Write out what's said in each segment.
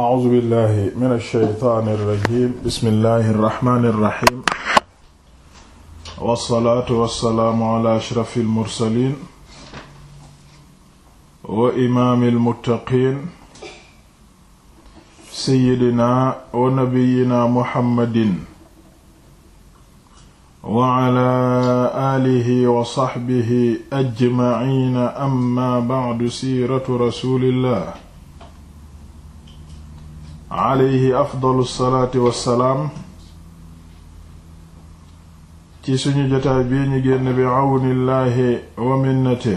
a'uuzu billahi mina shaytaani rajiim bismillahi rahmaani rahiim wassalaatu wassalaamu ala ashrafil mursaliin wa imaamil muttaqiin sayyidinaa wa nabiyyinaa muhammadin wa ala aalihi wa saxbihi ajmaciina amma ba'du siiratu rasuulillah alayhi afdalu salaati salaam ci suñu jotaay bii ñu génn bi àwnillaahi wa minnati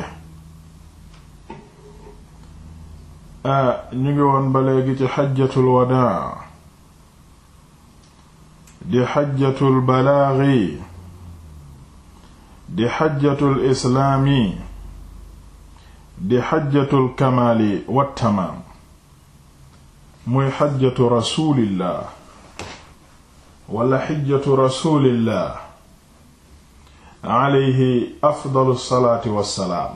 ñu ngi woon ba léegi ci xajjatul wadaa di xajjatul balaagi di xajjatul islaami di xajjatul kamaali wattamaam muy xajjatu rasulillah wala xijjatu rasulillah alayhi afdalu salaati wassalaam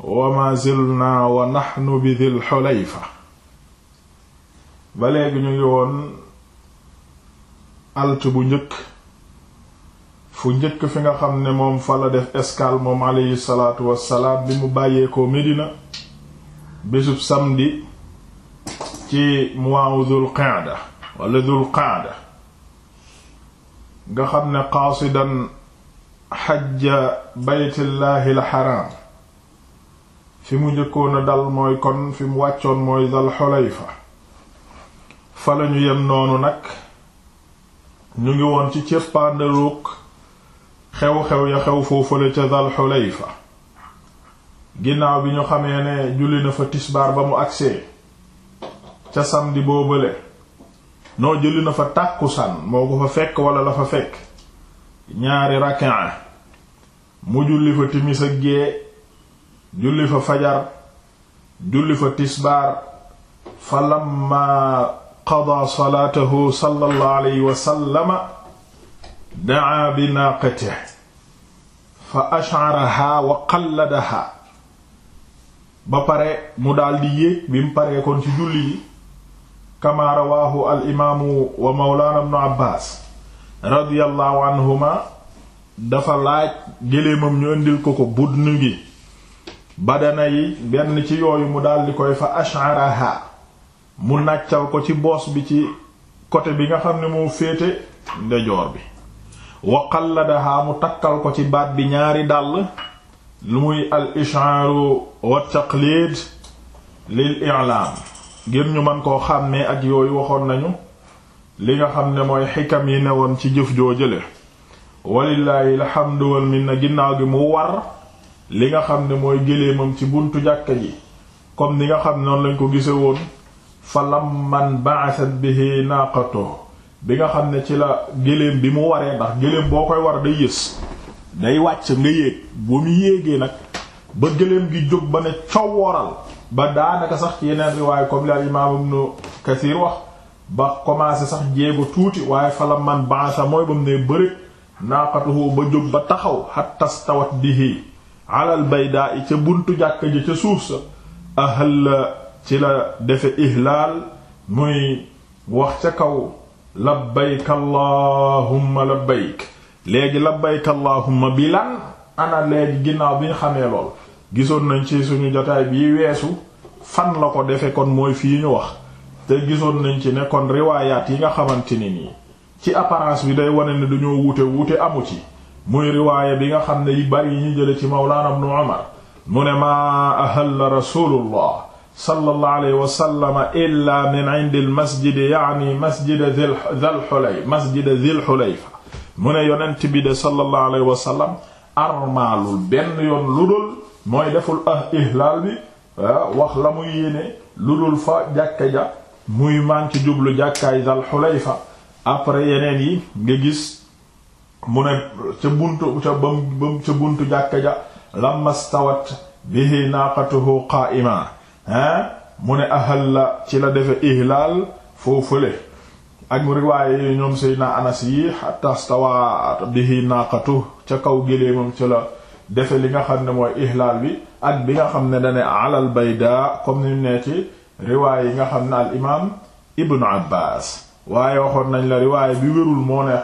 wa ma zilnaa wa naxnu bi dil xulayfa ba léegi ñu ngi woon alt bu njëkk fu njëkk fi nga xam ne moom fa def escale moom alayhi salaatu wassalaam bi mu bàyyeekoo Medina bésub samedi ci mois Dhul Qa'da wala Dhul Qa'da nga xam ne qaasidan xajja baytillahi al xaraam fi mu njëkkoon a dal mooy kon fi mu wàccoon mooy Dhul Hulayfa fa lañu yem noonu nag ñu ngi woon ci cëppaandaluug xew-xew ya xew foofale ca Dhul Hulayfa ginnaaw bi ñu xamee ne julli na fa tisbaar ba mu agsee ca samedi boobale noo jëli na fa tàkkusaan moo ko fa fekk wala la fa fekk ñaari rakaa mu julli fa timis gee julli fa fajar julli fa tisbaar fa lamma qadaa salaatahu sallallahu alayhi daa bi naaqatihi fa ash'araha wa qalladaha ba pare mu daldi yéeg bi mu paree kon ci julli yi kama rawaahu al wa mawlaana ibnu abbaas radiyallahu anhuma dafa laaj géléemam ñu indil ko ko budnu gi badana yi benn ci yooyu mu daldi koy fa ash'araha mu nàccal ko ci boos bi ci côté bi nga xam ne moo féete ndejoor bi wa qalladaha mu takkal ko ci baat bi ñaari dàll lu muy al wa taqlid lil i'laam ngir ñu man koo xàmmee ak yooyu waxoon nañu li nga xam ne mooy xikkam yi ne woon ci jëf joo jële walillaahi alhamdu wal minna ginnaaw gi mu war li nga xam ne mooy géléemam ci buntu jàkka ji comme ni nga xam ne noonu lañ ko gise woon fa lamman ba'athat bihi naaqato bi nga xam ne ci la géléem bi mu waree ndax géléem boo koy war day yës day wàcc nga yéeg bu mu yéegee nag ba géléem gi jóg ba ne cow ba daanaka sax ci yeneen riwaay comme li al imaam ibnu wax ba commencé sax jéego tuuti waaye fala man bansa mooy ba mu ne bërëg naaqatuhu ba jóg ba taxaw hatta stawat bihi alal baydaa i ca buntu jàkk ji ca suuf sa ahal ci la defe ihlaal muy wax ca kaw labbayk allahumma labbayk léegi labbayk allahumma bi lan ana léegi ginnaaw bi ñu xamee lool gisoon nañ ci suñu jotaay bii weesu fan la ko defe kon mooy fii ñu wax te gisoon nañ ci ne kon riwaayaat yi nga xamante ne nii ci apparence bi day wane ne dañoo wuute wuute amu ci muy riwaaya bi nga xam ne yi bari yi ñu jële ci mawlaana ibnu Umar mu ne maa ahalla rasulullah sallallahu alayhi wa sallam illa min indi al masjid yaani masjid dhil hulayfa masjid dhil hulayfa mu ne yonent bi de sallallahu alayhi wa sallam armaalul benn yoon lu dul mooy deful ah ihlaal bi Ah, wax la muy yéene lu dul fa jàkka ja muy man ci jublu jàkkaay dal fa après yeneen yi nga gis mu ne ca buntu ca bam ca buntu jàkka ja lamma stawat bihi naaqatuhu qaa'ima hein ah, mu ne ahalla ci la defe ihlaal foofule ak mu riwaaye ñoom Seydina Anas yi hatta stawaat bihi naaqatuhu ca kaw géléemam ci la defe li nga xam ne mooy ihlaal bi ak bi nga xam ne dane alal bayda comme ni ne ci riwaay yi nga xam ne al imaam ibnu abbas waaye waxoon nañ la riwaay bi wérul moo ne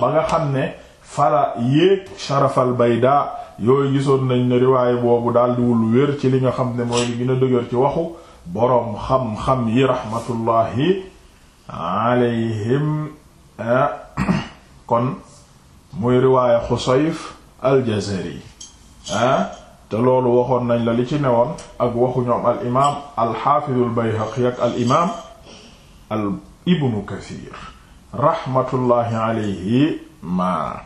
ba nga xam ne fala yéeg sharafal bayda yooyu gisoon nañ ne riwaay boobu daal diwul wér ci li nga xam ne mooy li gën a dëgër ci waxu boroom xam-xam yi rahmatullahi alayhim kon muy riwaaya xusayf aljazari te loolu waxoon nañ la li ci newoon ak waxu ñoom al imaam al xaafidul bayhaqi ak al imaam ma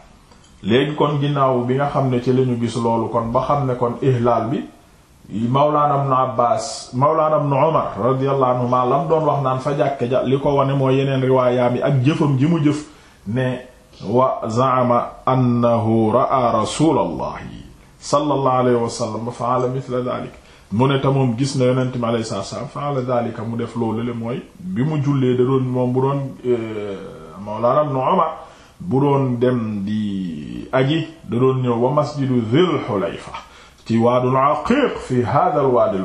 léegi kon ginnaaw bi nga xam ne ci lañu gis loolu kon ba xam ne kon ihlaal bi mawlaana ibnu abbaas mawlaana ibnu umar radiyallahu anhuma lam doon wax naan fa jàkke ja li ko wone moo yeneen riwaayaam yi ak jëfam ji mu jëf ne wa zaama annahu ra'a rasulallahi sallallahu alayhi wa sallam ba faala mithla mu ne te moom gis na yonent mi alayhi salaatu salaam faala daalika mu def loolu le mooy bi mu jullee da doon moom bu doon eh, mawlaana ibn Umar bu doon dem di aji da doon ñëw wa masjidu Dhil Hulayfa ci waadul aqiiq fi hadha al waadi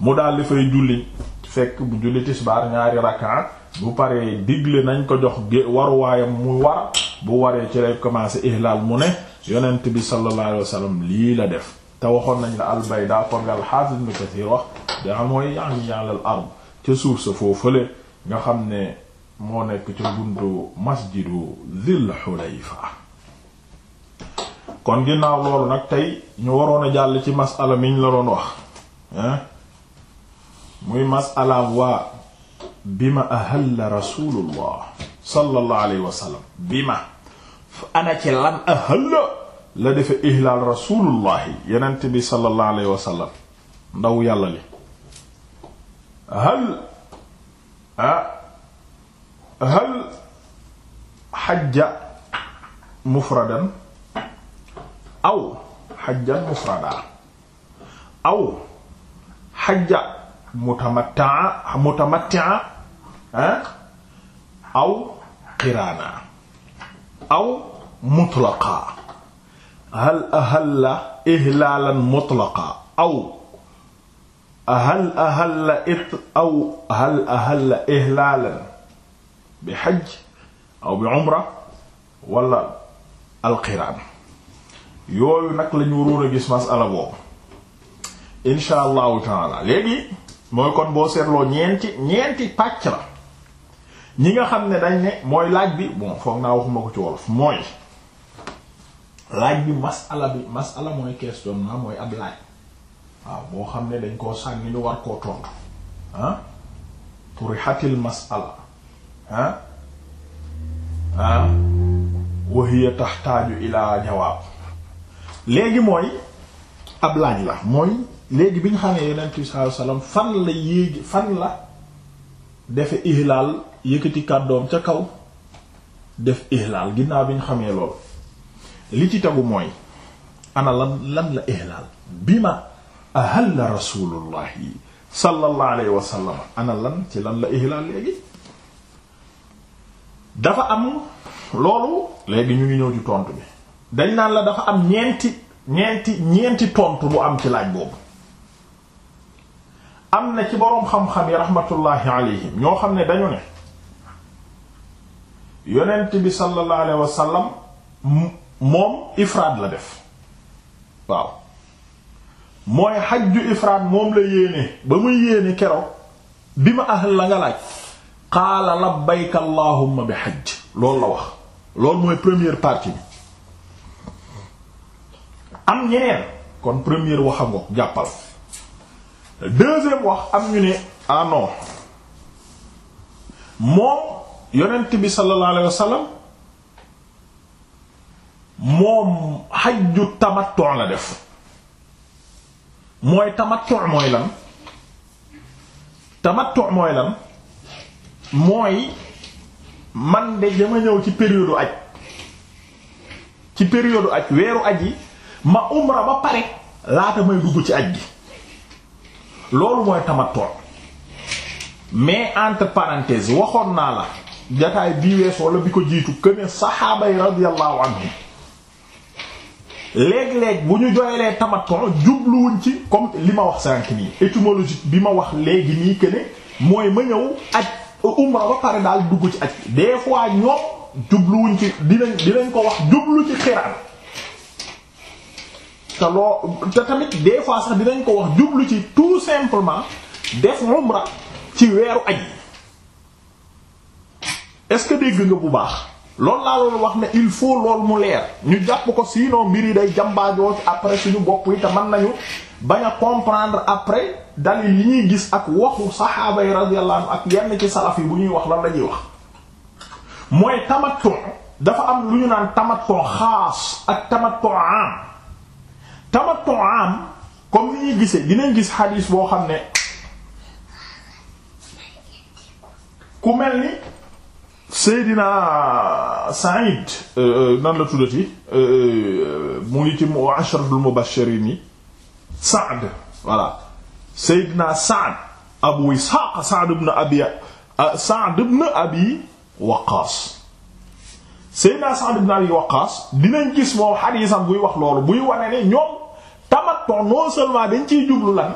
mu daal di fay julli fekk bu julli tisbaar ñaari rakaa bu paree digle nañ ko jox waruwaayam mu war bu waree ci lay commencer ihlaal mu ne yonent bi sallallahu alayhi lii la def te waxoon nañ la albayda kon nga alxaafis ibn kathir wax daa mooy yaani al ard ca suuf sa foofale nga xam ne moo nekk ca buntu masjidu dhil hulayfa kon ginnaaw loolu nag tey ñu waroon a jàll ci masala miñ la doon wax muy masala waa bima ahalla rasulullah sallallahu alayhi wa sallam bima ana ci lan ahalla la defe ihlaal rasulullahi yenent bi sallallahu alayhi wa ndaw yàlla li hal ah hal xajja mufradan aw xajjan aw xajja mutamattaa mutamattia aw qiraana aw mutlaqa hal ahalla ihlaalan mutlaqa aw hal ahalla it aw hal ahalla ihlaalan bi xaj aw bi umra wala alqiraan yooyu nag lañu waroon a gis masala boobu insha allahu léegi mooy kon boo seetloo ñeenti ñeenti pàcc la ñi nga xam ne dañ ne mooy laaj bi bon foog naa waxuma ko ci wolof mooy laaj bi masala bi masala mooy questionnement mooy ab laaj waaw boo xam ne dañ koo sànni lu war koo tontu ah turihatil masala ah ah wa hiya taxtaaju ila jawaab léegi mooy ab laaj la mooy léegi bi nga xam ne sa bi sallallahu fan la yéegi fan la defe ihlaal yëkkati kàddoom ca kaw def ihlaal ginnaaw bi ñu xamee loolu li ci tegu mooy ana lan lan la ihlaal bima ahalla rasulullahi sallallahu alayhi wa sallam ana lan ci lan la ihlaal léegi dafa am loolu léegi ñu ngi ñëw ci tontu bi dañ naan la dafa am ñeenti ñeenti ñeenti tontu bu am ci laaj boobu am na ci boroom xam-xam yi rahmatullahi alayhim ñoo xam ne dañu ne yonent bi sallallahu alayhi wa sallam moom ifraad la def waaw mooy xajju ifraad moom la yéene ba muy yéene kero bi ma ahl la nga laaj xaala labbayka allahumma bi xajj loolu la wax loolu mooy première partie am ñeneen kon première wax a jàppal deuxième wax am ñu ne ah non moom yonent bi sallallahu alayhi moom xajju tamattu la def mooy tamattu mooy lan tamattu mooy lan mooy man de dama ñëw ci période aj ci période aj weeru aj yi ma umra ba pare laata may dugg ci aj gi loolu mooy tamattu mais entre parenthèses waxoon naa la jataay bii wees wala bi ko jiitu que ne saxaaba yi radiyallahu anhum léeg-léeg bu ñu jooyalee tamattu jubluwuñ ci comme li ma wax sànq nii étymologique bi ma wax léegi nii que mooy ma ñëw aj umra ba pare daal dugg ci aj des fois ñoom jubluwuñ ci dina dinañ ko wax jublu ci xiraan te loo des fois dinañ ko wax jublu ci tout simplement def umra ci weeru aj est-ce que dégg nga bu baax. lool laa loolu wax ne il faut lool mu leer ñu jàpp ko sinon mbir yi day jàmbaajoo ci après suñu bopp yi te mën nañu bañ a comprendre après dalil yi ñuy gis ak waxu saxaaba yi radiyallahu ak yenn ci salaf yi bu ñuy wax lan la ñuy wax mooy tamattu dafa am lu ñu naan tamattu xaas ak tamattu am tamattu am comme ni ñuy gisee dinañ gis xadiis boo xam ne ku mel ni Seydina Saïd euh, euh, nan la tuddati euh, mu ngi ci mu asharatul mubashirin yi Saad voilà Seydina Saad Abu Ishaq Saad ibn Abi Saad ibn Abi Waqqas Abi Waqqas dinañ gis moom xadiisam buy wax loolu buy wane ne ñoom tamattu non seulement dañ ciy jublu lan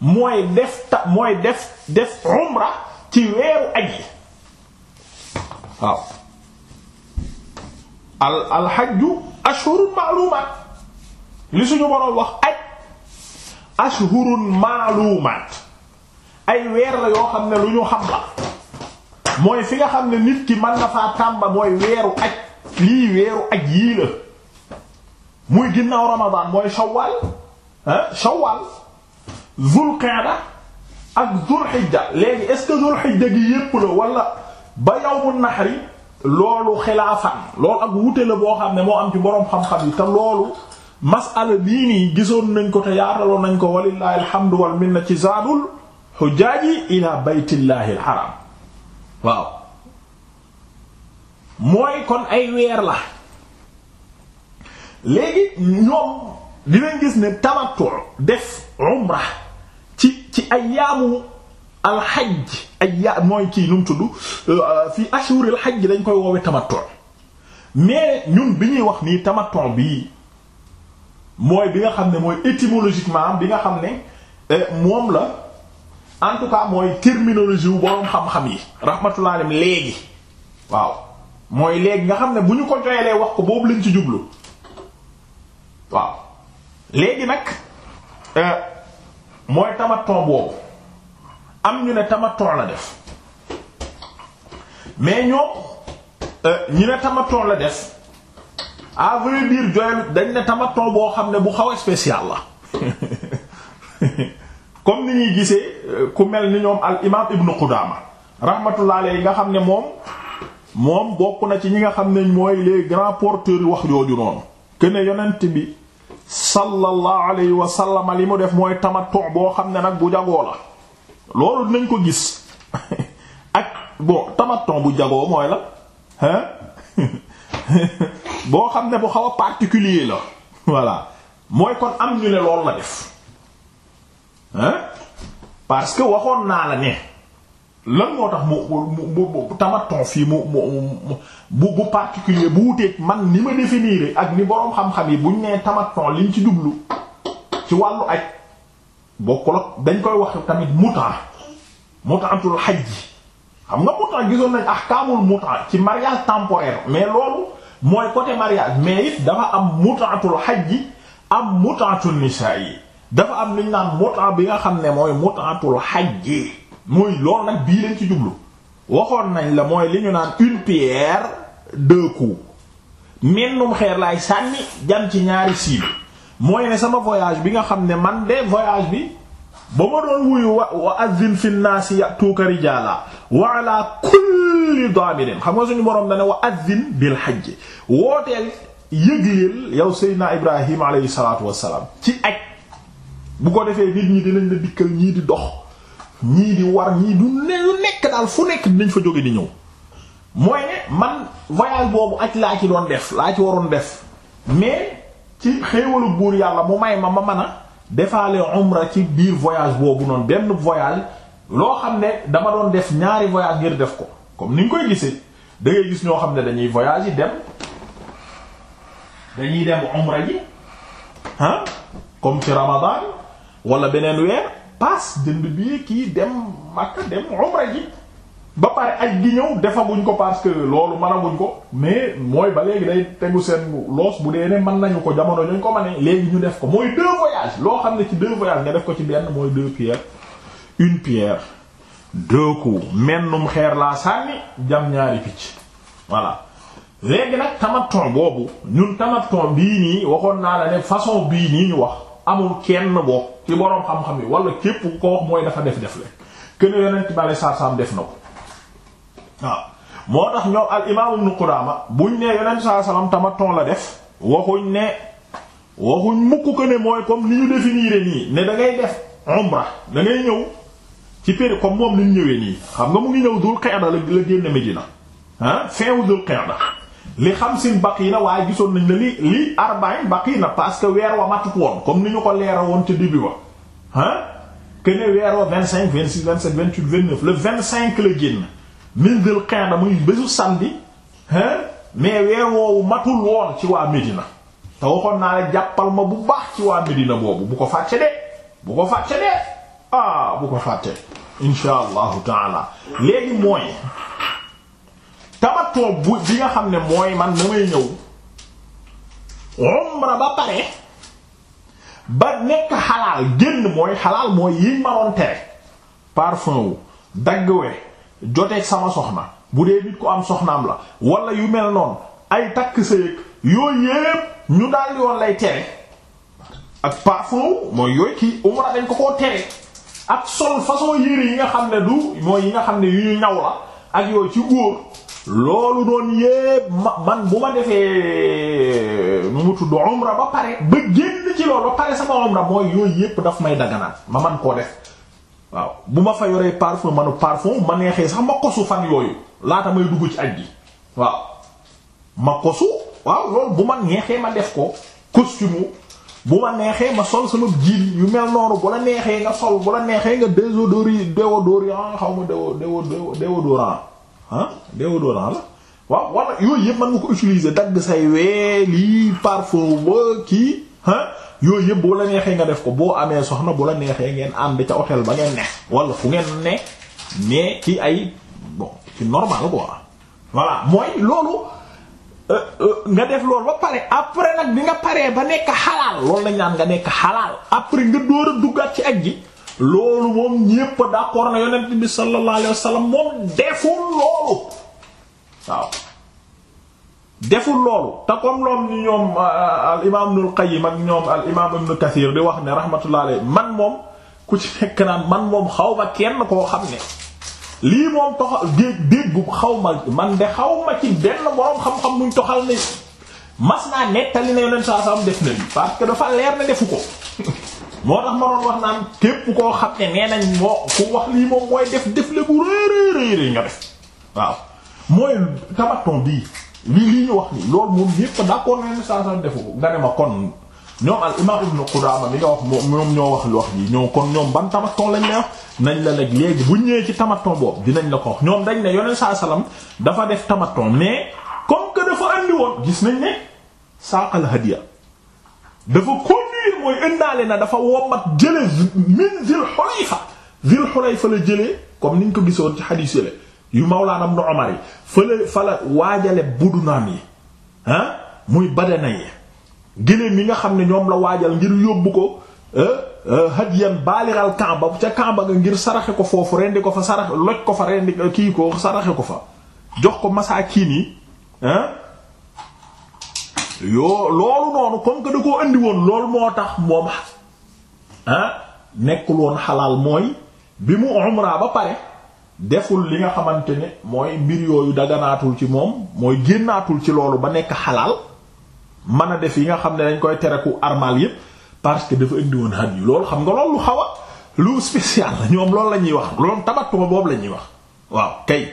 mooy def ta mooy def def umra ci weeru aj yi waaw al alxajju ashhurun maalumaat li suñu boroom wax aj ashhurun maalumaat ay weer la yoo xam ne lu ñu xam la mooy fi nga xam ne nit ki mën na faa tàmba mooy weeru aj lii weeru aj yii la muy ginnaaw ramadaan mooy shawwal ah shawwal zul qaada ak zul xijja léegi est ce que zul xijja gi la wala ba yawmu naxri loolu xilaafan loolu ak wuute la boo xam ne moo am ci boroom xam-xam yi te loolu masala bii nii gisoon nañ ko te yaataloon nañ ko walillahi alhamdu wal minna ci zaadul xujjaaji ila baytillahi alxaram mooy kon ay weer la léegi ñoom dinañ gis ne tamattu def umra ci ci ayaamu alxaj ay ya mooy kii nu mu tudd euh, euh, fii ashuril hajj dañ koy woowee tamattu mais ñun bi ñuy wax nii tamattu bii mooy bi nga xam ne mooy étymologiquement bi nga xam ne euh, moom la en tout cas mooy terminologie wu boroom xam-xam yi rahmatullah léegi waaw mooy léegi nga xam ne bu ñu ko joyelee wax ko boobu lañ ci jublu waaw léegi nag mooy tamattu boobu am ñu ne tamattu la def mais ñoom euh, ñi ne tamattu la def à vrai dire dañ ne tamattu boo xam ne bu xaw a spécial la comme ni ñuy gisee euh, ku mel ni ñoom al imaam ibnu Qudaama rahmatullah alayhi nga xam ne moom moom bokk na ci ñi nga xam ne mooy les grands porteurs wax jooju noonu que ne yonent bi sallallahu alayhi wa sallam li mu def mooy tamattu boo xam ne nag bu jagoo la. loolu dinañ ko gis ak bon tamaton bu jagoo mooy la hein boo xam ne bu xaw a particulier la voilà mooy kon am ñu ne loolu la def hein parce que waxoon naa la ne lan moo tax mu mu mu tamaton fii mu mu bu bu particulier bu wuteeg man ni ma définir ak ni boroom xam-xam yi buñ nee tamaton liñ ci jublu ci wàllu aj bokkul ak dañ koy wax tamit muta mutaatul xaj xam nga muta gisoon nañ ahkaamul muta ci mariage temporaire mais loolu mooy côté mariage mais it dafa am mutaatul xaj am mutaatul nisaa yi dafa am li ñu naan muta bi nga xam ne mooy mutaatul xaj mooy loolu nag bii leen ci jublu waxoon nañ la mooy li ñu naan une pierre deux coups mennum xeer laay sànni jam ci ñaari cible mooy ne sama voyage bi nga xam ne man de voyage bi ba ma doon wuyu wa wa azzin fi naasi ya'tuuka rijaala wa ala kulli daamirin xam nga suñu borom da ne wa azzin bil hajj wooteel yëgleel yow Seydina Ibrahim aleyhi salaatu wa salaam ci aj bu ko defee nit ñi dinañ la dikkal ñii di dox ñii di war ñii du ne lu nekk daal fu nekk dinañ fa jóge di ñëw mooy ne man voyage boobu aj laa ci doon def laa ci waroon def mais. ci xéewalu buur yàlla mu may ma ma mën a defaale umra ci biir voyage boobu noonu benn voyage loo xam ne dama doon def ñaari voyage ngir def ko comme ni nga koy gisee da ngay gis ñoo xam ne dañuy voyage yi dem dañuy dem umra ji ah comme ci ramadan wala beneen weer paas jënd bi kii dem Makka dem umra ji ba pare ak gi ñëw defaguñ ko parce que loolu mënaguñ ko mais mooy ba léegi day tegu seen loos bu dee ne mën nañu ko jamono ñooñ ko mënee léegi ñu def ko mooy deux voyages loo xam ne ci deux voyages nga def ko ci benn mooy deux pierres une pierre deux coups mennum xeer laa sànni jam ñaari picc voilà léegi nag tamaton boobu ñun tamaton bii nii waxoon naa la ne façon bii nii ñu wax amul kenn bokk ci boroom xam-xam yi wala képp ko wax mooy dafa def def le bale sarsam def na ko waaw moo tax ñoom al imaam ibnu Qudaama buñ ne yonent saa salaam tamaton la def waxuñ ne waxuñ mukk ko ne mooy comme ni ñu définir nii ne da ngay def umra da ngay ñëw ci péri comme moom ni ñu ñëwee nii xam nga mu ngi ñëw Dul Qa'da la la génn Medina ah fin wu Dul Qa'da li xamsin baqiina waaye gisoon nañ ne li li arba'in baqiina parce que weer wa matut woon comme ni ñu ko leera woon ca début ba ah que ne weer wa vingt cinq vingt cinq la génn. min dul qa'da muy bésu samedi hein mais weer woowu matul woon ci waa Médina te waxoon naa la jàppal ma bu baax ci waa Médina boobu bu ko fàcce de bu ko fàcce de ah bu ko fàtte insha allahu taala léegi mooy tamatoo bi nga xam ne mooy man damay ñëw umra ba pare ba nekk xalaal génn mooy xalaal mooy yiñ ma doon tere parfum dagg we joteeg sama soxna bu dee nit ko am soxnaam la wala yu mel noonu ay takk sëyëg yooyu yépp ñu daal yoon lay tere ak parfum mooy yooyu kii umra dañ ko koo tere ak sol façon yére yi nga xam ne du mooy yi nga xam ne yu ñaw la ak yooyu ci góor loolu doon yépp man bu ma defee nu mu tudd umra ba pare ba génn ci loolu ba pare sama umra mooy yooyu yépp daf may daganaan ma man koo def waaw bu ma fa yoree parfum manu parfum ma neexee sax ma kosu fan yooyu laata may dugg ci aj gi waaw ma kosu waaw loolu bu ma neexee ma def ko costume bu ma neexee ma sol sama jiin yu mel noonu bu la neexee nga sol bu la neexee nga désodori déodorant xaw ma déo déodorant ah déodorant la waaw wala yooyu yëpp mën nga ko utiliser dagg say wee lii parfum kii yooyu yëpp boo la neexee nga def ko boo amee soxna bu la neexee ngeen ànd ca hôtel ba ngeen ne wala fu ngeen ne mais ci ay bon ci ko waa voilà mooy loolu euh, euh, nga def loolu ba pare après nag bi nga paree ba nekk xalaal loolu lañ naan nga nekk xalaal après nga door a duggaat ci ak gi loolu moom ñépp d'accord na yonent bi sallallahu alayhi wasallam moom deful loolu waaw deful loolu te comme loom ñu ñoom euh, euh, al imaam Ibnul ak ñoom al imaam Ibnu Kathir di wax ne rahmatullah alayhi man moom ku ci fekk naa man moom xaw ma kenn koo xam ne lii moom toxal dégg dégg xaw ma man de xaw ma ci benn boroom xam-xam muñ toxal ne mas naa nettali na Yonent saa saam def na lii parce que dafa leer na defu ko moo tax ma doon wax naan képp koo xam ne nee nañ moo ku wax lii moom mooy def def la bu rëy rëy rëy nga def waaw mooy tabaton bii. li lii ñu wax ni loolu moom yépp d'accord nañ saa saa defu ko nga ne ma kon ñoom al imam ibn Qudama li nga wax moom ñoo wax lu wax ji ñoo kon ñoom ban tamaton lañ lay wax nañ la léeg léegi bu ñëwee ci tamaton boobu dinañ la ko wax ñoom dañ ne yoneen saa salaam dafa def tamaton mais comme que dafa andi woon gis nañ ne saaqal hadiya dafa conduire mooy indaale na dafa wommat jële min zil xulayfa zil xulayfa la jëlee comme ni ñu ko gisoon ci xadiis yu Mawlaana Ibnu Umar yi fële fala waajale budunaam yi ah muy na yi géléem yi nga xam ne ñoom la waajal ngir yóbbu ko eh, eh, hadiyan baaliral Kaaba ca Kaaba nga ngir saraxe ko foofu rendi ko fa sarax loj ko fa rendi kii ko saraxe ko fa jox ko masaakiin yi eh. yoo loolu noonu comme que da koo indi woon loolu moo tax moom ah nekkul woon xalaal mooy bi mu umra ba pare deful li nga xamante ne mooy mbir yooyu daganaatul ci moom mooy génnaatul ci loolu ba nekk xalaal mën a def yi nga xam ne dañ koy tere ku armal yépp parce que dafa indi woon haj loolu xam nga loolu lu xaw a lu spécial la ñoom loolu la ñuy wax loolu tabattuma boobu la ñuy wax waaw kay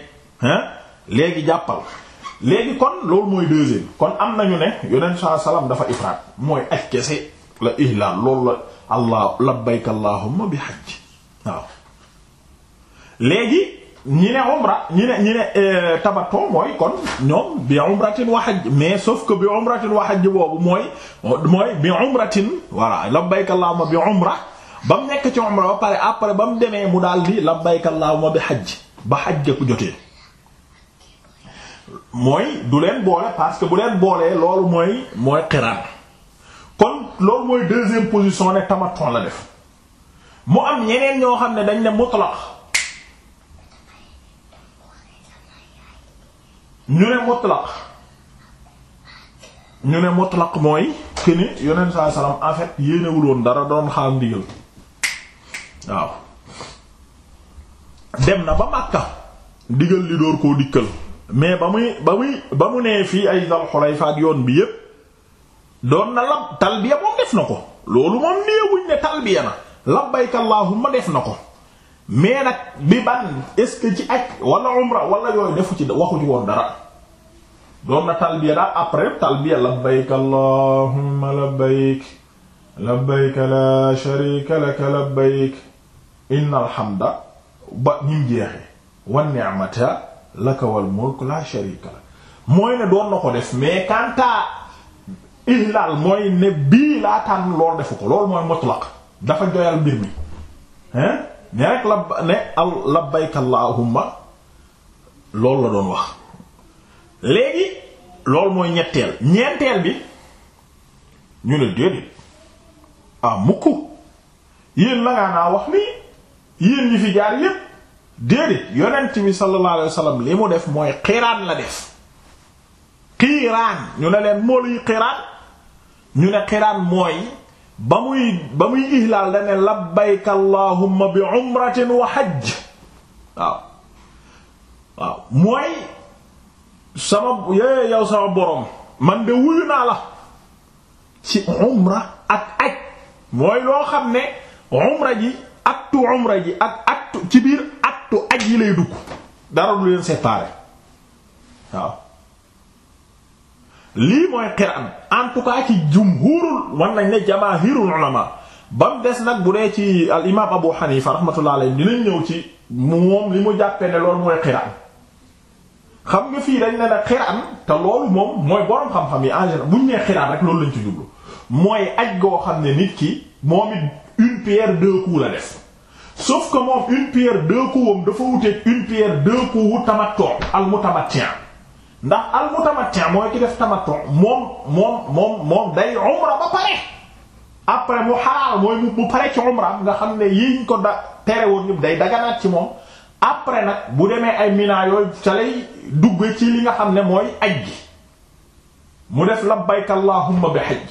léegi jàppal léegi kon loolu mooy deuxième kon am nañu ne yonent saa salaam dafa ifraat mooy aj kese la ihlal loolu la allah labbayk bi hajj waaw léegi ñi ne umra ñi ne ñi ne euh, tabattu mooy kon ñoom bi umratin wa hajj mais sauf que bi umratin wa hajj boobu mooy mooy bi umratin voilà labbayka allahumma bi umra ba mu nekk ci umra ba pare après ba mu demee mu daal di labbayka allahumma bi hajj ba hajj ku jotee. mooy du leen boole parce que bu leen boolee loolu mooy mooy xiraan kon loolu mooy deuxième position ne tamattu la def mu am ñeneen ñoo xam ne dañ ne mutlaq ñu ne mutlaq ñu ne mutlaq mooy këne yonent saa salaam en fait yéenewuloon dara doon xaar ndigal waaw dem na ba Makka digal li door koo dikkal mais ba muy ba muy ba mu nee fii ay Dal Xulayfa yoon bi yépp doon na lab talbiya moom def na ko loolu moom néewuñ ne talbiya na labbayka allahumma def na ko mais nag bi ban est ci aj wala umra yooyu defu ci waxu ci woon dara doon na talbiya daal après talbiya labbayk allahumma labbayk labbayk la sharika laka labbayk innal hamda ba ñim jeexe wan ni'mata laka wal mulk la sharika lak mooy ne doon na ko def mais kanta ihlal mooy ne bii laa tànn loolu defu ko loolu mooy mutlaq dafa joyal mbir mi hein ne rek la ne al labbayk loolu la doon wax léegi loolu mooy ñetteel ñeenteel bi ñu ne déedéet ah mukk yéen la ngaa naa wax nii yéen ñi fi jaar yépp déedéet yonent bi sallallahu alayhi li mu def mooy xiraan la def xiraan ñu ne leen moo luy xiraan ñu ne xiraan mooy ba muy ba mu ihlaal dane labbayka allahumma bi umratin wa hajj waaw waaw mooy sama yee yow sama borom man de wuyu naa la ci umra ak aj mooy loo xam ne umra ji attu umra ji ak attu ci biir attu aj yi lay dugg dara du leen séparer waaw lii mooy xiraan en tout cas ci jumhurul wan nañ ne jamaahirul ulama ba des nag bu dee ci al imaam Abu Hanifa rahmatullah alayhi dinañ ci moom li mu jàppee fii dañ ne te loolu moom yi en bu ñu loolu lañ mooy aj goo xam ne nit ki moom it une pierre wu tamattu al mutamattian ndax al mutamatti mooy ki def tamattu moom moom moom moom day umra ba pare après mu xalaal mooy mu pare ci umra nga xam ne yiñ ko da tere woon ñëpp day daganaat ci moom après nag bu demee ay mina yooyu ca lay dugg ci li nga xam ne mooy aj gi mu def labbayka allahumma bi hajj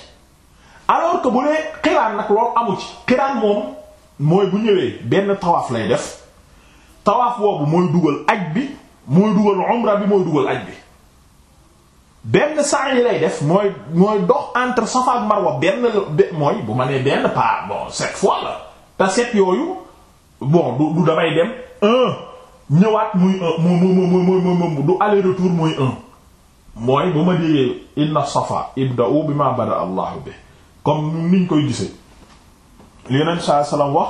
alors que bu dee xiraan nag loolu amu ci xiraan moom mooy bu ñëwee benn tawaaf lay def tawaaf boobu mooy dugal aj bi mooy dugal umra bi mooy dugal aj bi benn sa'i lay def mooy mooy dox entre Safa ak Marwa benn mooy bu ma nee benn pas bon sept fois la te sept yooyu bon du damay dem un ñëwaat muy un mu mu mu mu mu du aller muy un mooy bu ma déggee inna Safa ibda'u bima bada Allahu bi comme niñ koy gisee li Yonent saa salaam wax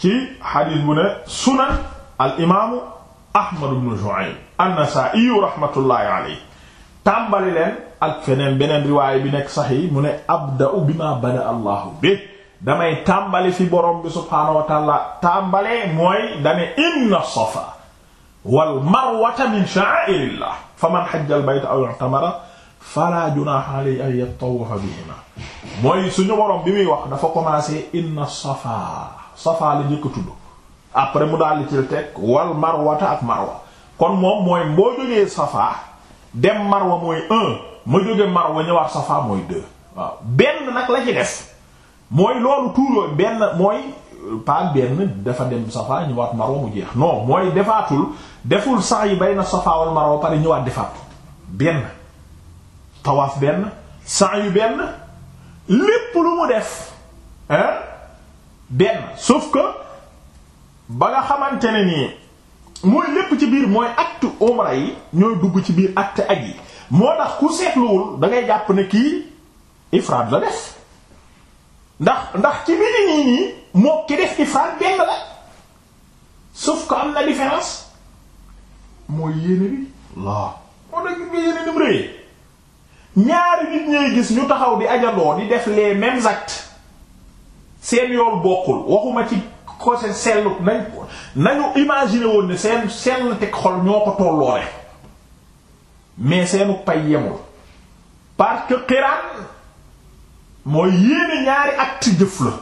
ci xadiis bu ne sunan al imaamu Ahmad ibn Shu'ayb an-Nasaa'i rahmatullahi alayhi tàmbali leen ak feneen beneen riwaay bi nekk sax yi mu ne abda'u bima bada allahu bi damay tàmbali fi borom bi subhaanahu wa taala tàmbalee mooy dane inna safa wal marwata min sha'airillah faman hajja al bayta aw i'tamara fala junaha alayhi an suñu borom bi muy wax dafa commencé inna safa safa la njëkk tudd après mu daal di ci teg wal marwata ak marwa kon moom mooy boo jógee safa dem marwa mooy un ma jóge marwa ñëwaat safa mooy deux waaw benn nag la ci def mooy loolu tuuroo benn mooy pas benn dafa dem safa ñëwaat marwa mu jeex non mooy defaatul deful sa'i bayna safa wal marwa pare ñëwaat defaat benn tawaaf benn sa'i benn lépp lu mu def benn sauf que ba nga xamante ne nii mooy lépp ci biir mooy acte umra yi ñooy dugg ci biir acte ak yi moo tax ku seetluwul da ngay jàpp ne kii ifraad la def ndax ndax ci biir nii nii moo ki def ifraad benn la sauf que am na différence mooy yéene bi laa moo tax gis nga yéene ni ñaari nit ñooy gis ñu taxaw di ajandoo di def les mêmes actes seen yoon bokkul waxuma ci ko seen sellu nañ nañu imaginer woon ne seen sell teg xol ñoo ko tolloore mais seenu pay yemul parce que xiraan mooy yéene ñaari acte jëf la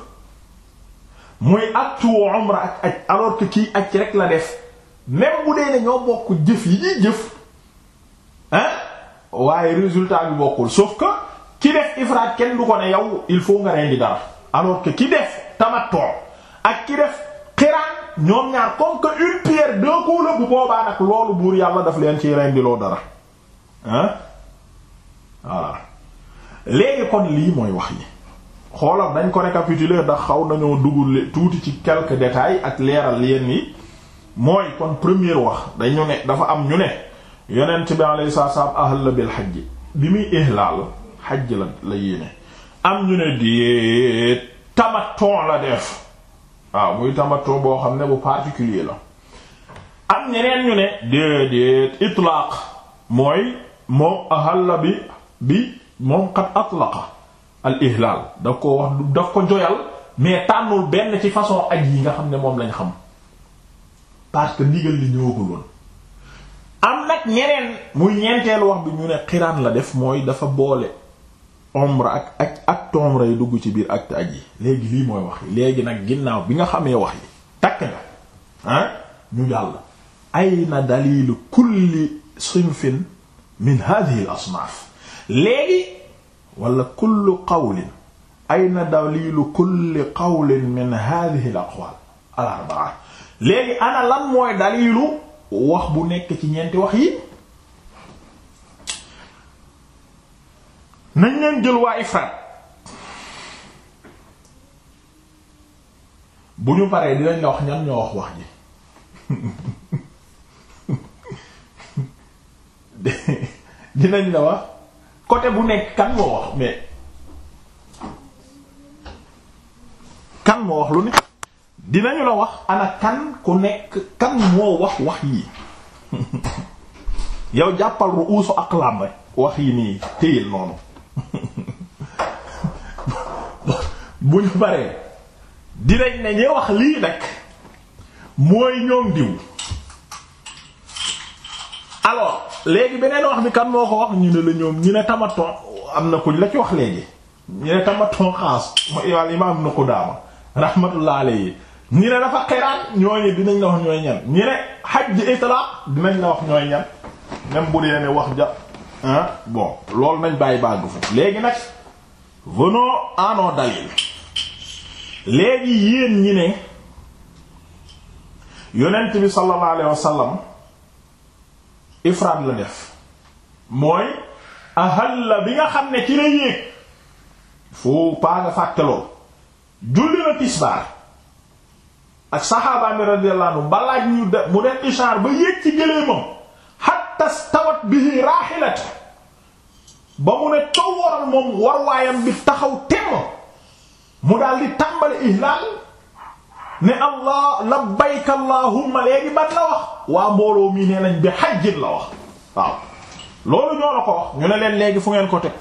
muy acte wu umra ak aj alors que kii aj rek la def même mu dee ne ñoo bokk jëf yi jëf hein waaye résultat bi bokkul sauf que ki def ifraat kenn du ko ne yow il faut nga rendi dara alors ki def tamattu ak ki def xiraan ñoom ñaar comme que une pierre deux coups la boobaa nag loolu buur yàlla daf leen ci rendiloo dara ah voilà léegi kon lii mooy wax yi xoolal dañ ko récapituler ndax xaw nañoo dugg tuuti ci quelques détails ak leeral yenn yi mooy kon première wax dañu ne dafa am ñu ne yonent bi alayhi salaam ahalla bil hajj bi muy ihlaal hajj la la yéene am ñu ne di tamattu la def. waaw muy tamatoo boo xam ne bu particulier la am ñeneen ñu ne déedéet itlaaq mooy moom ahalla bi bi moom qad atlaqa al ihlaal daf ko wax daf ko joyal mais tànnul benn ci façon aj yi nga xam ne moom lañ xam parce que ndigal li ñëwagul woon am nag ñeneen muy ñeenteelu wax bi ñu ne xiraan la def mooy dafa boole omra ak aj ak omra yi dugg ci biir ak aj yi léegi lii mooy wax yi léegi nag ginnaaw bi nga xamee wax yi takk nga ah ñu jàll ay na dalilu kulli sinfin min hadhihi al asnaaf léegi na dalilu kulli qawlin min hadhihi al aqwaal ana lan mooy dalilu wax bu nekk ci ñeenti wax yi nañ leen jël waa ifraat bu ñu paree dinañ la wax ñan ñoo wax wax ji dinañ la wax côté bu nekk kan moo wax mais kan moo wax lu ne dinañu la wax ana kan ku nekk kan moo wax wax yi yow jàppal ru'usu aqlam wax yi nii téyel noonu bu ñu baree dinañ ne ñi wax lii nag mooy ñoom diw alors léegi beneen wax bi kan moo ko wax ñu ne la ñoom ñu ne tamaton am na ku la ci wax léegi ñu ne tamaton xaas wal imam Ibn Qudama rahmatullah alayhi ñu ne dafa xiraan ñooñu dinañ la wax ñooy ñan ñu ne hajj itla dinañ la wax ñooy ñan même bu dee ne wax ja ah bon loolu nañ bàyyi bàgg fa léegi nag venons à nos dalil léegi yéen ñi ne yonent bi sallallahu alayhi wasallam ifrad la def mooy ahal la bi nga xam ne ci la yéeg faut pas nga fàtte lool julli na tisbaar ak saxaabaa mi radiyallahu anhu ba mu def ishaar ba yéeg ci jëlee gëléemam hatta stawat bihi raahilatu ba mu ne coow waral moom warwaayam bi taxaw temm mu daal tàmbali ihlaal ne allah labbayka allahumma léegi ban la wax waa mbooloo mii nee nañ bi hajjin la wax waaw loolu ñoo la ko wax ñu ne leen léegi fu ngeen ko teg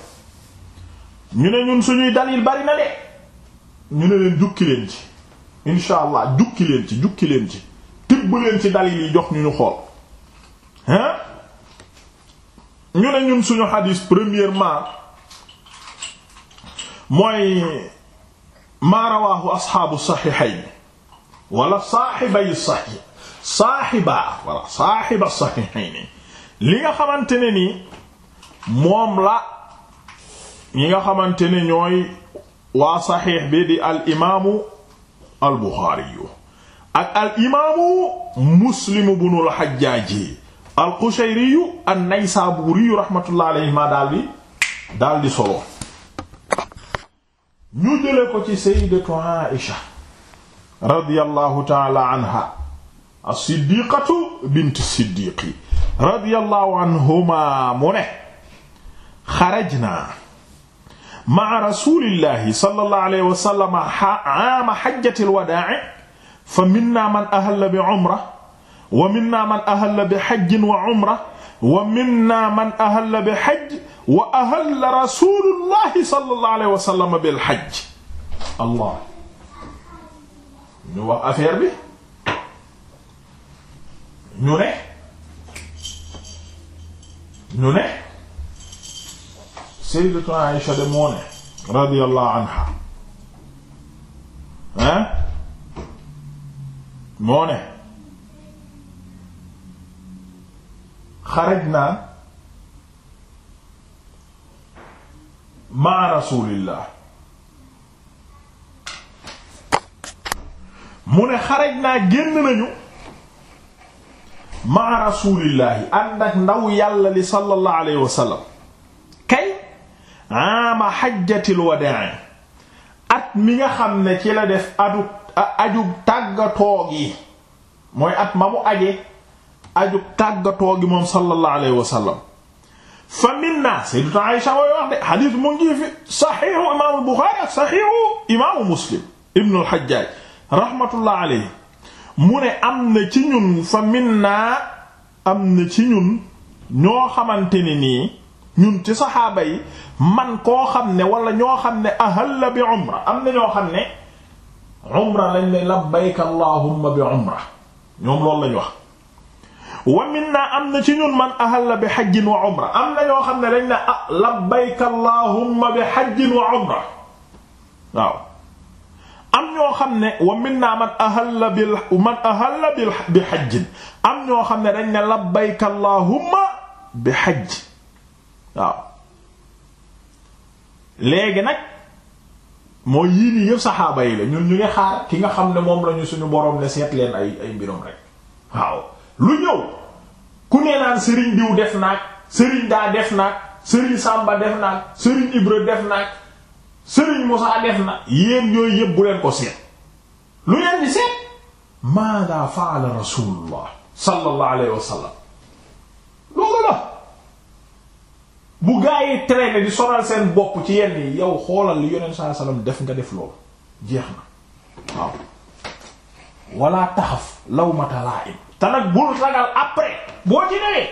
ñu ne ñun suñuy dalil bari na de ñu ne leen jukki leen ci insha allah jukki leen ci jukki leen ci tibb leen ci dalil yi jox ñu ñu xool ñu ne ñun suñu xadis premièrement mooy maa rawaahu asxaabu saxiixayn wala saaxibay saxiix saaxiba wala saaxiba saxiixayn li nga xamante ne ni moom la ñi nga xamante ne ñooy waa saxiix bi di al imaamu al buxaari ak al imaamu muslimu bunul xajjaaji al-Qushayriyu an-Naysaburiyu rahmatullah alayhi ma daal di daal di solo ñu jële ko ci sayyidatu Aisha radiyallahu ta'ala anha as-Siddiqatu bint Siddiqi radiyallahu anhuma mu ne xarajna ma'a rasulillahi sallallahu alayhi wa sallam aama hajjatil wadaa' fa minna man ahalla bi umrah wa minna man ahalla bi hajjin wa umra wa minna man ahalla bi hajj wa ahalla rasulullahi sallallahu alayhi wa sallam bil hajj allah ñu wax affaire bi ñu ne ñu ne sayyidatuna Aisha de moo ne radiyallahu anha hein moo ne xarajnaa maa rasulillah mu ne xarajnaa génn nañu maa rasulillahi ànd ndaw yàlla li sallallahu alayhi wa sallam kay ama xajjatil wadaa at mi nga xam ne ci la def adu aju tàggatoo gi mooy at ma mu aje aju tàggatoo gi moom sallallahu alayhi wa fa minna sayyidatu Aisha way wax de xadis mu ngi fi saxiixu imaamu Buxaari ak saxiixu imaamu Muslim ibnu al-Hajjaaj rahmatullah mu ne am na ci ñun fa minna am na ci ñun ñoo xamante ne nii ñun ci saxaaba yi man koo xam ne wala ñoo xam ne ahalla bi umra am na ñoo xam ne umra lañ ne bi umra ñoom loolu lañ wax wa minna am na ci ñun man ahalla bi hajjin wa am na ñoo xam ne dañ ne ah labbayka allahumma bi hajjin waaw xam ne wa minna man ahalla bi man ahalla bi hajjin am ñoo xam ne dañ ne labbayka allahumma bi xaj waaw léegi nag mooy yii nii yëpp saxaaba yi la ñun ñu ngi xaar ki nga xam ne moom lañu suñu boroom ne seet leen ay ay mbirom rek waaw lu ñëw ku nee naan Serigne diw def naag sëriñ daa def naag Serigne Samba def naag Serigne Ibra def naag Serigne Moussa def na yéen yooyu yëpp bu leen ko seet lu leen di seet maada faala rasulullah sallallahu alayhi wa sallam loolu la bu gaa yi traité di sonal seen bopp ci yenn yi yow xoolal li yonent sallallahu alayhi wa sallam def nga def loolu jeex na waaw wala taxaf lawmata la'im te nag bul ragal après boo ci newee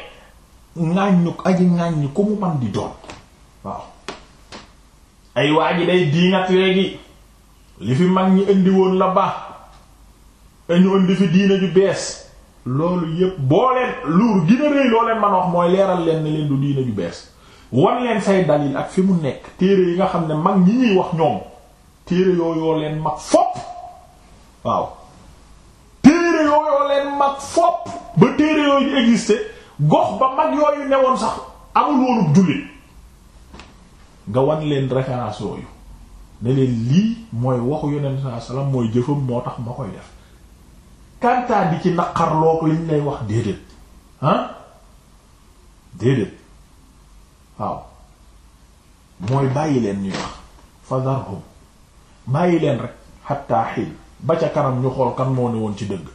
ŋàññu aji ŋàññi ko mu man di doon waaw ay waa ji day diingat léegi li fi mag ñi indi woon la baax ñu indi fi diine ju bees loolu yépp boo leen luur gën a rëy loo leen man wax mooy leeral leen ne leen du diine ju bees wan leen say dalil ak fi mu nekk téere yi nga xam ne mag ñi ñuy wax ñoom téere yooyu leen mag fopp waaw téere yooyu leen mag fopp ba téere yooyu existé gox ba mag yooyu newoon sax amul woonub jullit nga wan leen référence yooyu ne leen lii mooy waxu yonent sallallahu alayhi wasallam mooy jëfam moo tax ma koy def kantaa di ci naqarloo ko liñ lay wax déedéet ah déedéet waaw mooy bàyyi leen ñuy wax fadarhum bàyyi leen rek xatta xiin ba ca kanam ñu xool kan moo ne woon ci dëgg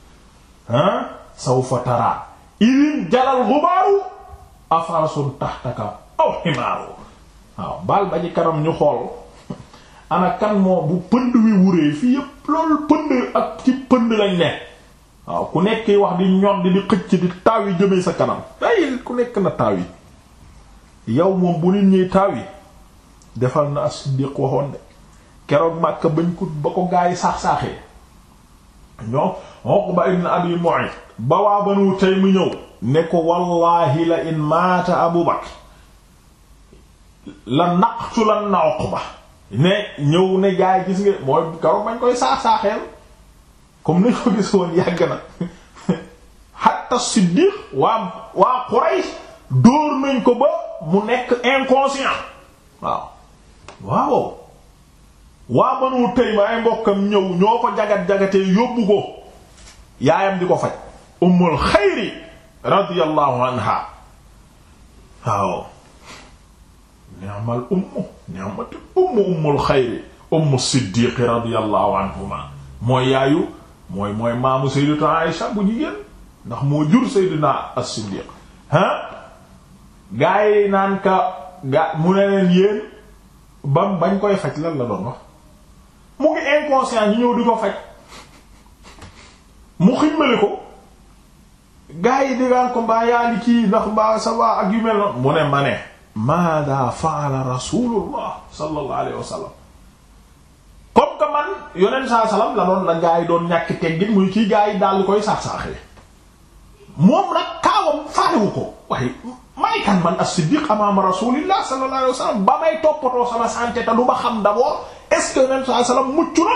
ah sawfa taraa idin jalal xubaaru afarasun taxtaka aw ximaaru waaw baal ba ci kanam ñu xool ana kan moo bu pënd wi wuree fii yépp loolu pënd ak ci pënd lañ ne waaw ku nekk wax di ñoon di di xëcc di taaw yi jëmee sa kanam ay ku nekk na taaw yi yow moom bu nit ñuy taaw yi defal na as-Siddiq waxoon de keroog Makka ba ko gaay saax-saaxee ñoom Uqba ibn Abi Mu'ayt ba waa Banu Taym mu ñëw ne ko wallaahi la in maata Abu Bakr la naqtulanna Uqba ne ñëw ne jaay gis nga mooy karoog mañ koy saax saaxeel comme ni ko gis woon yàgg na hatta Siddiq waa waa Quraysh dóor nañ ko ba mu nekk inconscient waaw waaw waa Banu Taym ay mbokkam ñëw ñoo ko jagat-jagatee yóbbu ko yaayam di ko faj ummul xayri radiyallahu anha waaw ni'mal ummu ni'mat ummu ummul xayri ummu siddiqi radiyallahu anhuma mooy yaayu mooy mooy maamu sayyidatu Aisha bu jigéen ndax moo jur sayyidina as-siddiq ha gaa naan ka ga mu ne leen yéen bam bañ koy faj lan la doon wax mu ngi inconscient ñu ñëw di ko faj mu ximmali ko gaa yi digaan ko mbaa yaa li kii ndax mbaa sa waa ak yu mel noonu mu ne ma ne maada faala rasulullah sallallahu alayhi wa sallam comme que man yonent saa la doon la gaa yi doon ñàkk teggin muy kii gaa yi daal koy saax-saaxee moom nag kaawam faalewu ko waaye may kan man as-siddiq amaama rasulillah sallallahu alayhi wa ba may toppatoo sama santé te du ma xam d'abord est-ce que yonent saa sallam mucc na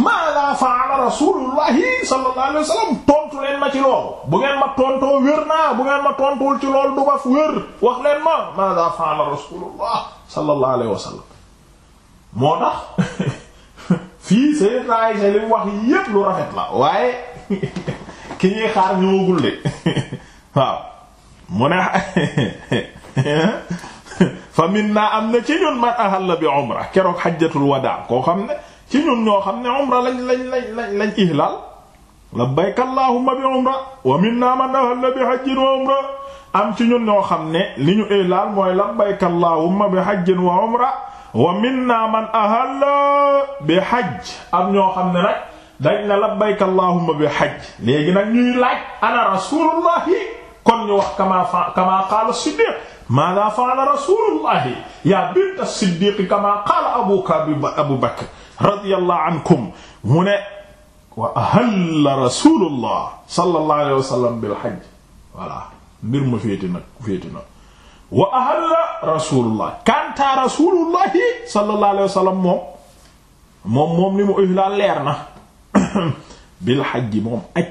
maa la faala rasulullahi sallallahu tontu leen ma ci loolu bu ngeen ma tontoo wér naa bu ngeen ma tontuwul ci loolu du ma wér wax leen ma maa la faala rasulullah sallallahu alayhi wa sallam moo tax fii Sayyidina Aisha li mu wax yépp lu rafet la waaye ki ñuy xaar ñëwagul de waaw mu ne fa minna am na ci ñun man ahalla bi umra keroog xajjatul wadaa koo xam ne ci ñun ñoo xam ne umra lañ lañ lañ lañ lañ ihlaal labbayk allahumma bi umra wa minna man ahalla bi hajjin wa umra am ci ñun ñoo xam ne li ñu ihlaal mooy labbayk allahumma bi hajjin wa umra wa minna man ahalla bi hajj am ñoo xam ne nag dañ na labbayk allahumma bi hajj léegi nag ñuy laaj ana rasulullahi kon ñu kama fa kama siddiq maada fa'ala rasulullahi ya bint as-siddiq kama qaala abuka abu bakr radiyallahu ankum mu ne wa ahalla rasulullah sallallahu alayhi wa sallam bil hajj voilà mbir ma féeti nag féeti nag wa ahalla rasulullah kanta rasulullahi sallallahu alayhi wa sallam moom moom moom li mu ihlaal leer na bil hajj moom aj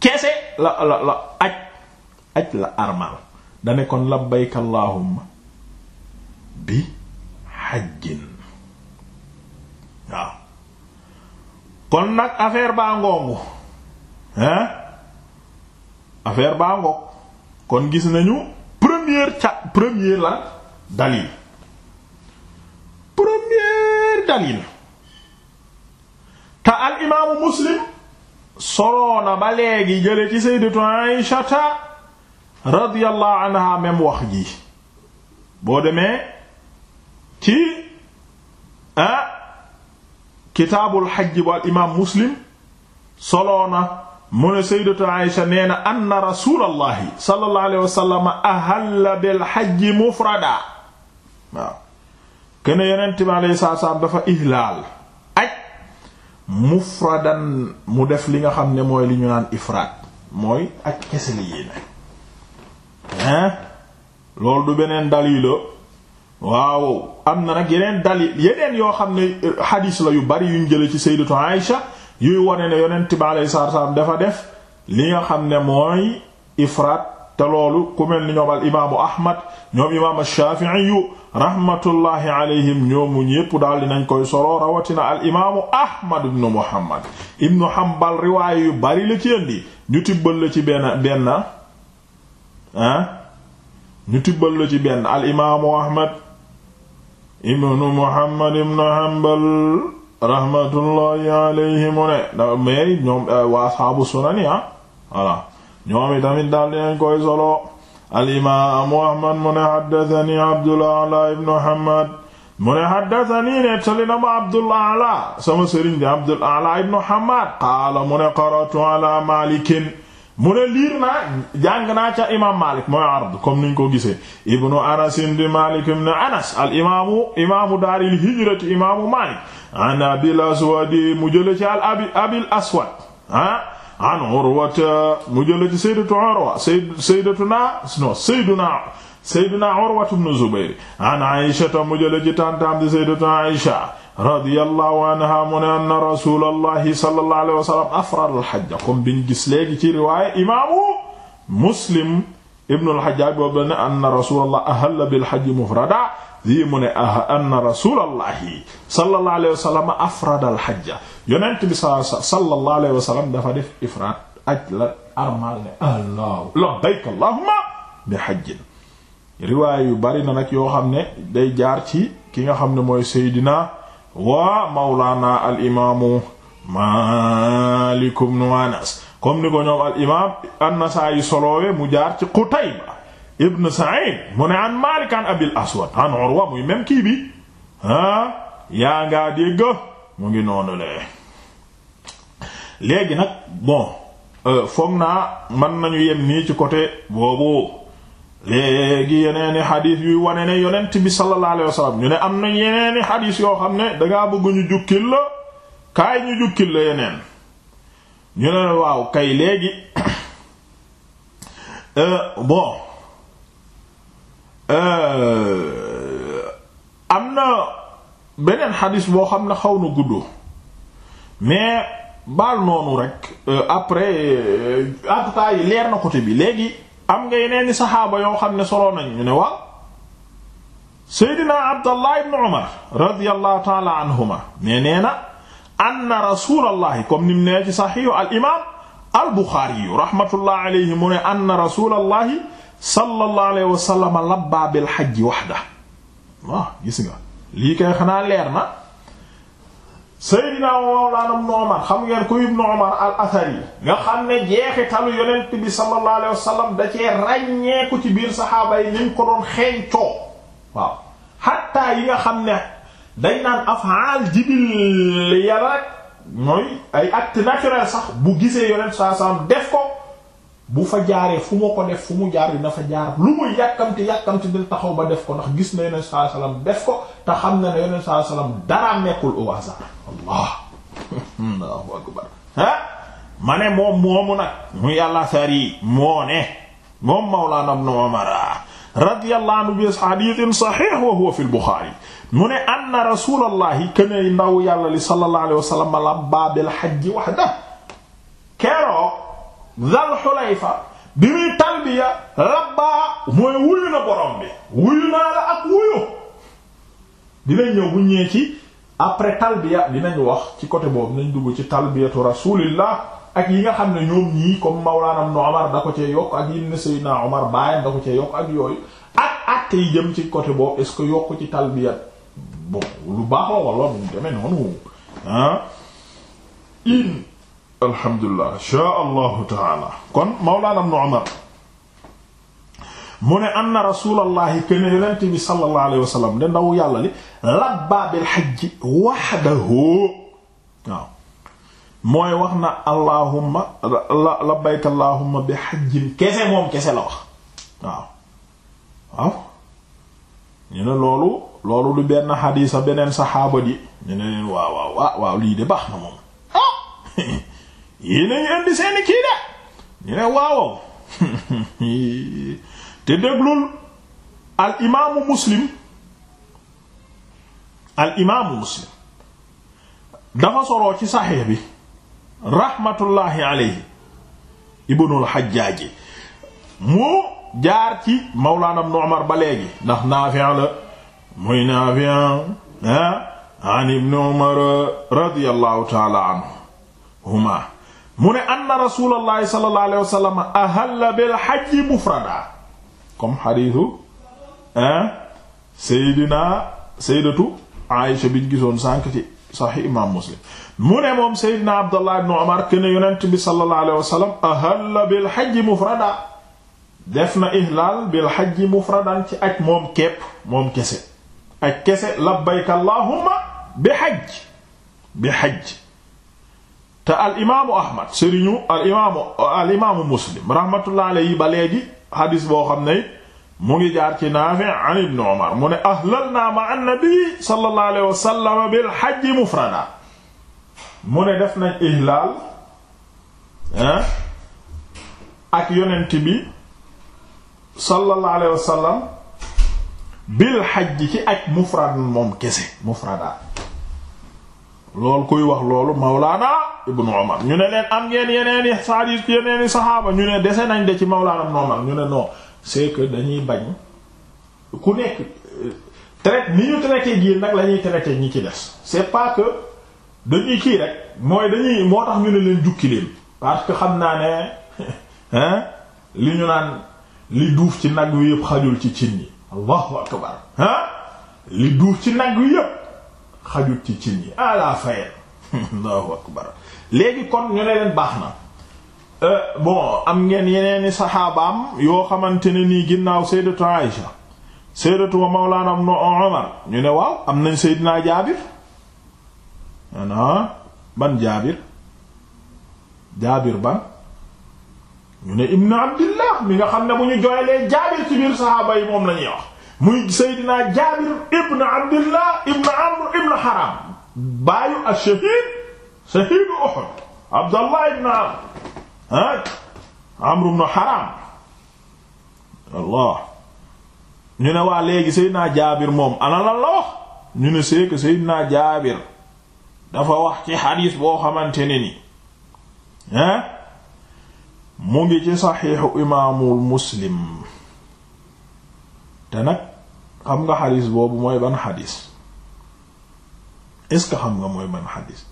kese la la la aj aj la armal dane kon labbayka allahumma bi hajjin waaw kon nag affaire baa ngoongu hein baa ngoog kon gis nañu première ca première la dalil première dalil te al imaamu muslim soloona ba léegi jële ci sayyidatu Aysata radiyallahu anha même wax ji boo demee ci ah kitaabul xajji bu al imaam muslim soloona mu ne sayyidatu Aisha nee na anna rasulallahi sallallahu ahalla bil xajji mufrada waaw kenn yonent bi dafa ihlaal aj mufradan mu def li nga xam ne mooy li ñu naan ifraat mooy ak kese la yéene hein loolu du beneen dalil ah. waaw am na nag yeneen dalil yeneen yoo xam ne xadiis euh, la yu bari yuñ jële ci sayyidatu Aïsha yuy wane ne yonent bi alayhi salaatu salaam dafa def li nga xam ne mooy ifraat te loolu ku mel ni ñoom al imaamu ahmad ñoom imaam ash-Shafi'i daal dinañ koy solo rawatina al imaamu ahmad ibnu muhammad ibnu hanbal riwaaya yu bari la ci indi ñu tibbal la ci benn benn ah. ñu tibbal la ci benn al imaamu ahmad muhammad ibnu hanbal rahmatullahi alayhi mu ne euh, ah, daal dinañ koy solo al imaamu ahmad mu abdul ala ibnu hamad mu ne haddathani nettali na ma abdul ala sama sëriñ di abdul ala ibnu hamad qaala mu qaratu ala malikin mu ne liir naa jàng naa ca imaam Malik mooy ard comme niñ ko gisee ibnu Anas di Malik ibn Anas al imaamu imaamu daaril hijrati imaamu Malik an abil aswadi mu jële ci al abi abil aswad ah an urwata mu jële ci sayyidatu urwa sayyidatuna no sayyiduna sayyiduna urwatu ibn Zubayr an Aisha mu jële ci tantam di sayyidatuna Aisha radiyallahu anha mu ne anna rasulallahi sallallahu alayhi wa sallam afraral xajja comme biñ gis léegi ci riwaaya imaamu muslim ibnu al-Hajjaj boobu la ne anna rasulallah ahalla bil hajji mufrada lii mu ne ah anna rasulallahi sallallahu alayhi wa sallam afradal xajja yonent bi sallallahu alayhi wa sallam dafa def ifraat aj la armal ne allah labbayka allahumma bi hajjin riwaaya yu bari na nag yoo xam ne day jaar ci ki nga xam ne mooy Seydina waa mawlaana al imaamu Maalik ibnu Anas comme ni ko ñoom al imaam mu jaar ci Qutayba ibn Sa'id mu ne an Maalik an Abil Aswad an Urwa muy même kii bi ah yaa ngaa dégg mu ngi noonu le léegi nag bon euh, foog naa mën nañu yem nii ci côté boobu léegi yeneeni xadis yuy wane na yonent bi sallallahu alayhi wasallam ñu ne am na yeneeni xadis yoo xam ne dangaa bëgg ñu jukkil la kaay ñu jukkil la yeneen ñu ne waaw kay léegi euh, bon euh, am na beneen xadis boo xam ne xaw na gudd mais baal noonu rek euh, après en yi leer na côté bi léegi am nga yeneen i saxaaba yoo xam ne soloo nañ ñu ne waaw seydina abdallah ibn umar radiyallahu taala anhuma ne nee na anna rasulallahi comme nim nee ci saxiixu al imam al buxaari yu rahmatullah alayhi mu ne anna rasulallahi sallallahu alayhi wa sallam labbaa bil hajji wahda waaw gis nga lii kay xanaa leer na Seydina Mawlana Ibn Umar xam ngeen ko Ibn Umar al-Athari nga xam ne jeexitalu yonent bi sallallahu alayhi wasallam da cee ràññeeku ci biir saxaaba yi ñu ko doon xeeñcoo waaw hatta yi nga xam ne dañ naan af'al jibil yàlla rek ay acte sax bu gisee yonent sallallahu alayhi wasallam bu fa jaaree fu ma ko def fu mu jaar dina fa jaar lu mu yàkkamti yàkkamti dina taxaw ba def ko ndax gis na yonent sallallahu alayhi wasallam def ko te xam na ne yonent sallallahu alayhi wasallam allah allahu akbar ma ne moom moomu nag mu yàlla sari moo moom mawlaana ibn umar radiyallahu anhu bi hadithin sahih wa huwa fi al-bukhari mu ne anna rasulallahi kene ndaw yàlla li sallallahu alayhi wasallam labba bil kero Zal fa bi muy talbiya rabbaa mooy wuyu na borom bi wuyu naa la ak wuyu dinañ ñëw bu ñëwee ci après talbiya dinañ wax ci côté boobu nañ dugg ci talbiyatu rasulillah ak yi nga xam ne ñoom ñii comme Mawlaana Ibn Umar da ko cee yokk ak yi ne Seydina Umar baayam da ko cee yokk ak yooyu ak ak tey jëm ci côté boobu est-ce que yokk ci talbiya bon lu baaxoo wala mu demee noonu ah in alhamdulilah insha allahu taala kon mawlaana ibn Umar mu ne anna rasulallahi kene yonent bi sallallahu alayhi wa sallam de ndaw yàlla li labbaa bil hajji waaw mooy wax na allahumma labbayka allahumma bi hajjin kese moom kese la wax waaw waaw ñu ne loolu loolu du benn xadiisa beneen saxaaba di ñu ne leen waaw waaw waaw lii de baax na moom yéen a ngi indi seeni kii de ñu ne waawow te déglul al imaamu muslim al imaamu muslim dafa soloo ci saxee bi rahmatullahi alayhi ibnul xajjaaji mu jaar ci mawlaana ibnu umar ba léegi ndax naafi la muy naafi ah an ibnu umar radiyallahu taala anhu mu ne anna rasulallahi sallallahu alayhi wa sallam ahalla bil hajji mufrada comme Seydatu Aïcha biñ gisoon sànq ci saxi imaam Muslim mu ne moom Seydina Abdallah ibn Umar ken yonent bi sallallahu alayhi wa sallam ahalla bil hajji def na ihlaal bil hajji mufradan ci aj moom képp moom kese aj kese labbayka bi hajj bi hajj te al imaamu ahmad sëriñu al imaamu al imaamu muslim rahmatullah alayhi ba léegi xadis boo xam ne mu ngi jaar ci naafi an ibn umar mu ne ahlalna ma annabi sallallahu alayhi wa bil hajji mufrada mu ne def nañ ihlaal ak yonent bi sallallahu alayhi wa sallam bil hajji ci ak mufrad moom kese mufrada loolu kuy wax loolu Mawlaana Ibnu Umar ñu ne leen am ngeen yeneen i saadis ci yeneen i saxaaba ñu ne dese nañ de ci Mawlaana Ibnu Umar ñu ne non c'est que dañuy bañ ku nekk traite ni ñu traité gi nag la ñuy traité ñi ci des c'est pas que dañuy kii rek mooy dañuy moo tax ñu ne leen jukki leen parce que xam naa ne li ñu naan li duuf ci nag wi yëpp xajul ci cin yi allahu akbar li duuf ci nag wi yëpp xajut ci cin yi ala fayal allahu akbar léegi kon ñu ne leen baax na euh, bon am ngeen yeneeni saxaabaam yoo xamante ne nii ginnaaw sayyidatu Aïsha sayyidatu mawlana ibn Umar ñu ne waaw am nañ seydinaa Jaabir ban Jaabir Jaabir ban ñu ne ibnu Abdillah mi nga xam ne bu ñu jooyalee Jaabir ci biir saxaaba yi moom lañuy wax muy Seydina Jaabir ibn Abdullah ibn Amr ibn Haram baayu ash-shahiid shahiid Uhud Abdullah ibn Amr ah Amr ibn Haram Allah waa léegi Seydina Jaabir moom ana lan la wax Seydina Jaabir dafa wax ci xadiis boo xamante ne ni ah mu ngi ci saxiixu imaamul Muslim te nag xam nga xadis boobu mooy ban xadis est-ce que xam nga mooy ban xadis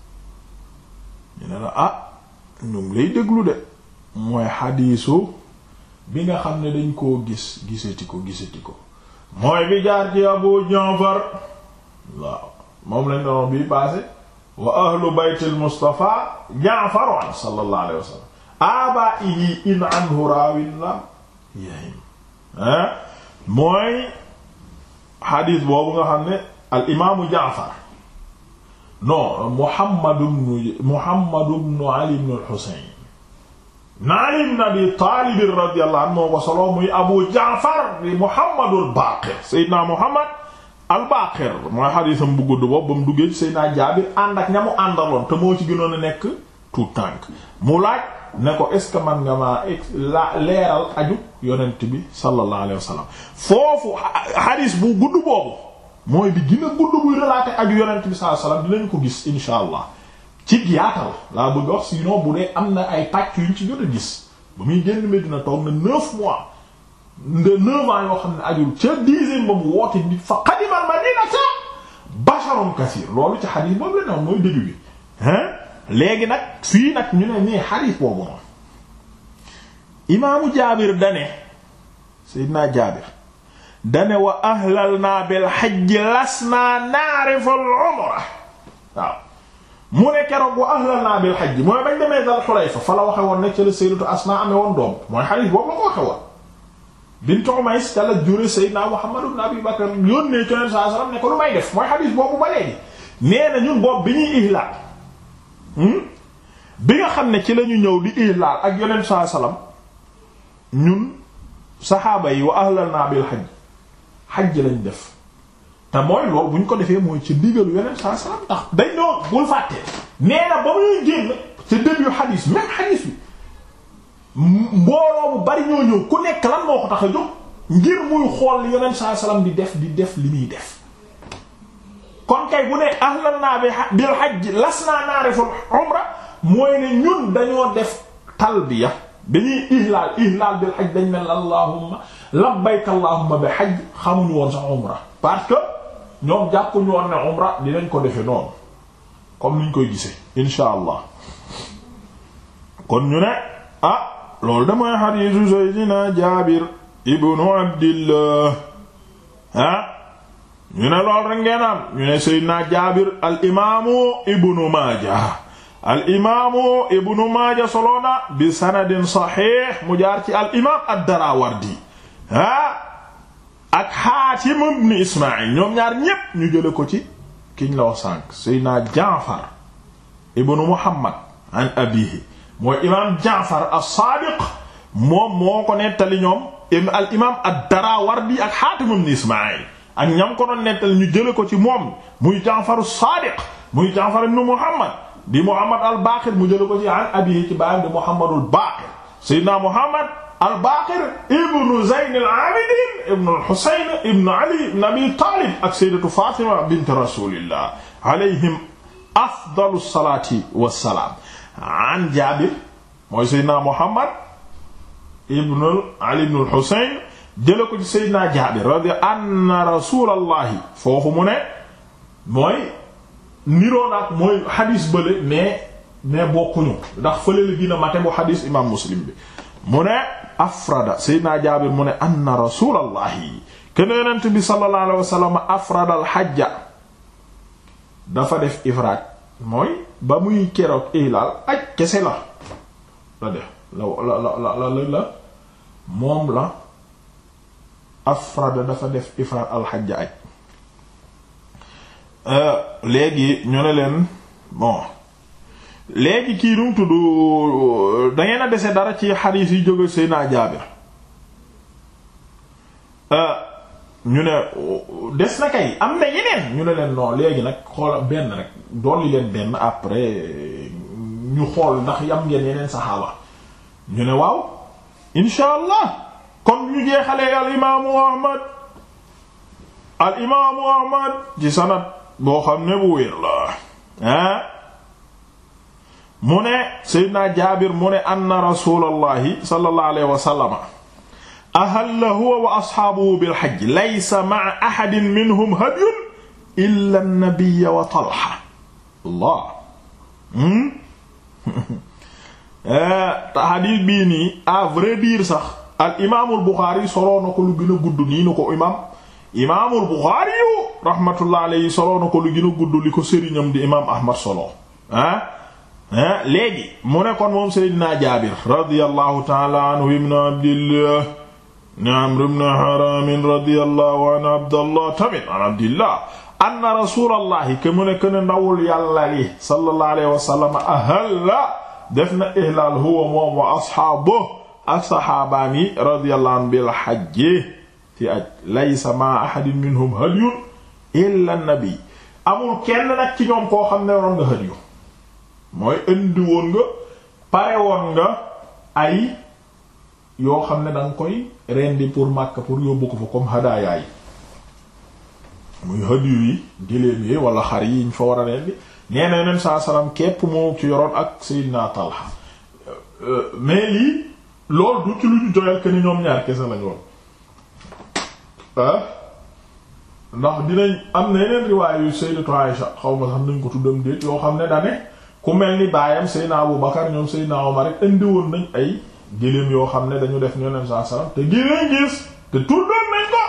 ñu ne la ah ñu ngi lay déglu de mooy xadiisu bi nga xam ne dañ koo gis gisati ko gisati ko mooy bi jaar ci Abu Ja'far waaw moom lañ doon bi passé wa ahlu baytil Mustafa Ja'far sallallahu alayhi wa sallam abaihi in anhu raawin la yahim mooy xadiis boobu nga xam ne al imaamu jaafar non muhammadu bnu muhammadu bnu ali bnu al xuseyn na bnu abi taalib radiyallahu anhu moo ko abu jaafar muhammadu al baaqir muhammad al mooy xadiisam bu gudd boobu ba mu duggee ci jaabir ànd ak ña mu àndaloon te moo ci gënoon a nekk tout tànk mu laaj ne ko est ce que man nga maa la leeral aju yonent bi sallallahu alayhi wa foofu hadis bu gudd boobu mooy bi gën a gudd buy relaté aju yonent bi sallallahu alayhi wa sallam dinañ ko gis insha allah ci yaatal laa bëgg wax sinon bu dee am na ay pàcc yuñ ci jot a gis ba muy génn Medina toog na neuf mois de neuf ans yoo xam ne ajul ca dixième ba mu woote nit fa qadimal madinata basharun kaseer loolu ci hadis boobu la ne mooy dégg bi hein léegi nag fii nag ñu ne nii xadiis boobu noonu imaamu jaabir dane seydinaa jaabir dane wa ahlalnaa bil hajj lasnaa na'riful umra waaw mu ne keroog wa ahlalnaa bil hajj mooy bañ demee dal xulayfa fa la waxe woon ne la sayyidatu woon doom mooy xadiis boobu la ko waxe woon bint Umays ca la jure seydinaa lu may def mooy xadiis boobu ba léegi nee na ñun boobu bi ñuy ihlal Hmm? bi nga xam ne ci lañu ñëw di ihlaal ak yonent saa salaam ñun saxaaba yi wa ahlal naa bil xaj xaj lañ def te mooy loolu bu ñu ko defee mooy ci ndigalu yonent saa salaam ndax dañ doon bul fàttee nee na ba muy génn ci début xadiis même xadiis bi mbooloo bu bari ñoo ñëw ku nekk lan moo ko tax a jóg ngir muy xool yonent saa salaam di def di def li muy def kon kay bu ne ahlan naa bil hajj las naa naariful mooy ne ñun dañoo def talbiya dañuy ihlaal ihlaal bil hajj dañ mel allahumma labbayka allahumma bi hajj xamuñu woon sax umra parce que ñoom jàppuñu woon ne umra ko defe noonu niñ koy gisee insha allah ñu ne ah loolu damay xadiisu seydina jaabir ibnu abdillah ah ñu ne lool rek ñu ne Seydina Jaabir al ibnu Maaja al ibnu Maaja soloona bi sanadin saxiix mu jaar ci al imaam ad-Darawardi ah ak Haatim ibnu Ismaayil ñoom ñaar ñépp ñu jële ko ci kiñ la wax sànq Seydina Jaafar ibnu Muhammad an abiihi mooy imaam Jaafar as-Saadiq moom moo ko nettali ñoom al imaam ad ak Haatim ibnu Ismaayil ak ñam ko doon nettal ñu jële ko ci moom muy Ja'far as-Sadiq muy Ja'far ibn Muhammad di Muhammad al-Baqir mu jële ko ci an abihi ci baayam di Muhammadul Baqir Seydina Muhammad al-Baqir ibnu Zayn al-Abidin ibnu al-Husayn ibnu Ali ibnu Abi Talib ak Sayyidatu Fatima bint Rasulillah alayhim afdalu salaati wassalaam an Jaabir mooy Seydina Muhammad ibnu Ali ibnu al-Husayn jële ko ci Seydina Jaabir radi anna rasulallahi foofu mu ne mooy niroon ak mooy xadis bële mais mais bokkuñu ndax fële la dina mate bu xadis imam Muslim bi mu ne afrada Seydina Jaabir mu ne anna rasulallahi ken bi sallallahu alayhi wa afrada al dafa def ifraat mooy ba muy keroog ilaal aj kese la la def la la la la la moom la afrada dafa def ifraat alxaj aj euh, léegi ñu ne leen bon léegi kii nu mu tudd dangeen a dese dara ci xadiis yi jóge Seydina Jaabir euh, ñu ne des na kay am na yeneen ñu ne leen non léegi nag xool benn rek dolli leen benn après ñu xool ndax yam ngeen yeneen saxaaba ñu ne waaw insha kon ñu jeexalee al imaamu ahmad al imaamu ahmad ci sanad boo xam ne bu wér la ah mu ne seydina jaabir mu ne anna rasulallahi sallallahu alayhi wa sallama ahalla huwa wa asxaabuhu bil hajj laysa ma'a ahadin minhum hadyun illa an-nabiyya wa talha allah hmm? eh, hadiis bii nii à vrai dire sax al imaamul Buxaari soloo na ko lu gën a gudd nii nu ko imaam imaamul Buxaari yu rahmatullah alayhi soloo na ko lu gën a gudd li ko sëriñam di imaam Ahmad soloo ah ah léegi mu ne kon moom Seydina Jaabir radiyallahu ta'ala anhu ibn Abdillah ibn Amr ibn Haram radiyallahu an Abdallah tamit an Abdillah anna rasulallahi ke mu ne ke ne ndawul yàlla li sallallahu alayhi wa sallam ahalla def na ihlal huwa moom wa ashaabuhu ak saxaabaam yi radiyallahu anhu bil hajji ci aj laysa ma ahadin minhum hadyun illa nabi amul kenn nag ci ñoom koo xam ne yoroon nga hadyu mooy indi woon nga pare woon nga ay yoo xam ne danga koy rendi pour Makka pour yóbbu ko fa comme hadaayaay muy hadyu yi géléem yi wala xar yi ñu fa war a rendi nee na yoneen saa salaam képp moo ci yoroon ak Seydina Talha euh, mais lii lool du ci lu ñu doyal que ni ñoom ñaar kese lañ woon ah? ndax dinañ am na yeneen riwaayu Sayyidatu Aisha xaw ma sax nañ ko tuddam déet yoo xam ne dane ku mel ni baayam Seydina Abu Bakar ñoom Seydina Omar rek indi woon nañ ay géléem yoo xam ne dañu def ñoneem saa salaam te géléem gis te tuddoon nañ ko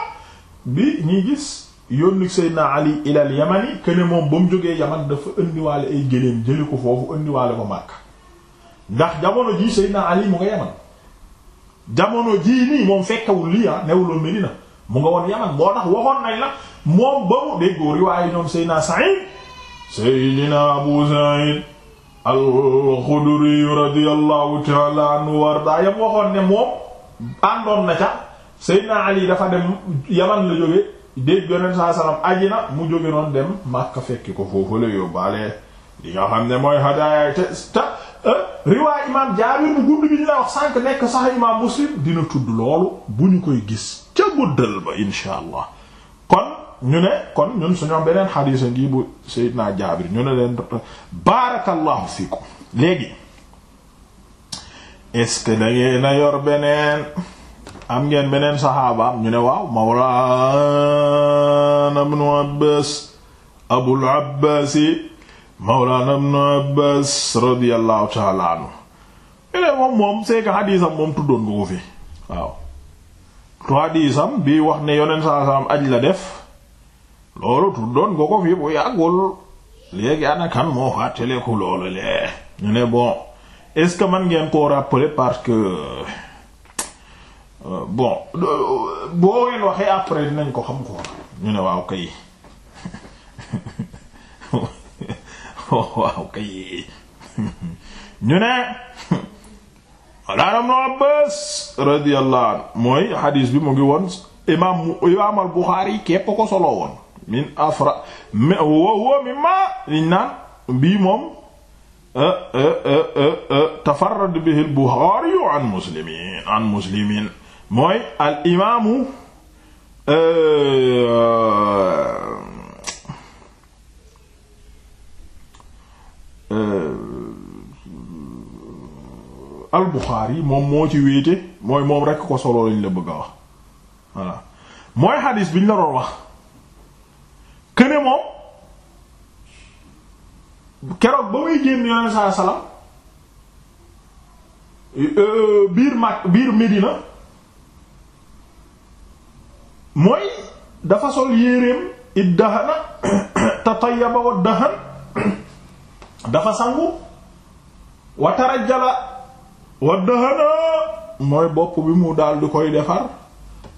bi ñuy gis yónni Seydina Ali ilal yamani que ne moom ba mu jógee yaman dafa indiwaale ay géléem jëli ko foofu indiwaale ko Makka ndax jamono ji Seydina Ali mu jamono jii nii moom fekkewul lii ah newuloon Medina mu nga woon Yaman boo tax waxoon nañ la moom ba mu déggoo riwaaye ñoom Seydina Sa'id Seydina Abu Sa'id al radiyallahu ta'ala anhu warda yam waxoon ne moom àndoon na ca Seydina Ali dafa dem Yaman la jóge dégg yoneen saa salaam aji na mu jóge noon dem Makka fekki ko foofu la yóbbaale li nga xam ne mooy hadaaya te riwaay imaam Jaabir bu gudd bi ñu la wax nekk sax imaam Muslim dina tudd loolu bu ñu koy gis ca guddal ba insha allah kon ñu ne kon ñun suñu am beneen xadiis a ngi bu Seydina Jaabir ñu ne leen barakallahu fiikum léegi est-ce que ngeen yor beneen am ngeen beneen saxaabaam ñu ne waaw mawlaana ibnu Abbaas abul Abbaasi mawlaana ibnu Abbaas radiyallahu ta'ala anhu ene moom moom c'est que xadiisam moom tuddoon nga ko fi waaw tu xadiisam bi wax ne yonent saa saam la def loolu tuddoon nga ko fi bu yàggul léegi ana kan moo fàttaleku loolu lee ñu ne bon est-ce que man ngeen koo rappeler parce que euh, bon boo ngeen waxee après dinañ ko xam ko ñu ne waaw kay waaw kay ñu ne alaanam Abbaas radiyallahu anhu mooy xadiis bi mu ngi woon imaam imaam ko solo min afra wa huwa mimma liñ naan bii moom eh, eh, eh, bihi al Buxaari an mooy al imaamu Euh, al yi moom moo ci wéete mooy moom rekk ko solo lañ la bëgg wax voilà mooy xadiis bi ñu la doon wax këne moom keroog ba muy génn yoneen saa salaam biir mag biir Medina mooy dafa sol yéreem iddahana tatayaba wa dahan dafa sangu wa tarajjala wa dahana mooy bopp bi mu daal di koy defar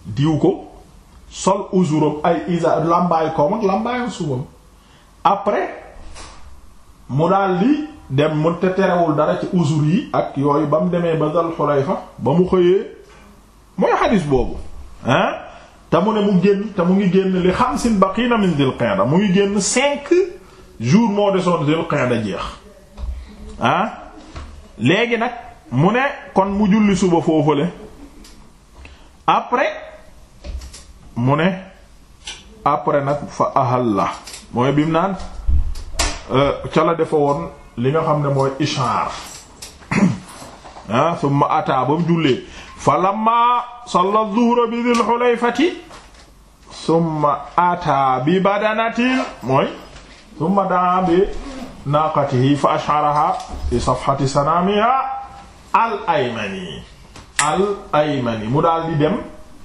diw ko sol uzuram ay isa làmbaay koom ak làmbaayam subam après mu daal di dem mu te terewul dara ci uzur yi ak yooyu ba mu demee ba Dul fa ba mu xëyee mooy xadis boobu hein te mu ne mu génn te mu ngi génn li xamsin baqiina min dil qa'da mu ngi génn cinq jour moo desoon Zul Qa'da jeex ah léegi nag mu ne kon mu julli suba foofale après mu ne après nag fa ahal la mooy bi mu naan euh, ca la defa woon li nga xam ne mooy ishaar ah summa ataa ba mu jullee fa lamma salla zuhra bi Dhul Hulayfati summa ataa bi badanatil mooy thumma daa bi naaqatihi fa ash'araha fi safhati sanamiha al aymani al aymani mu daal di dem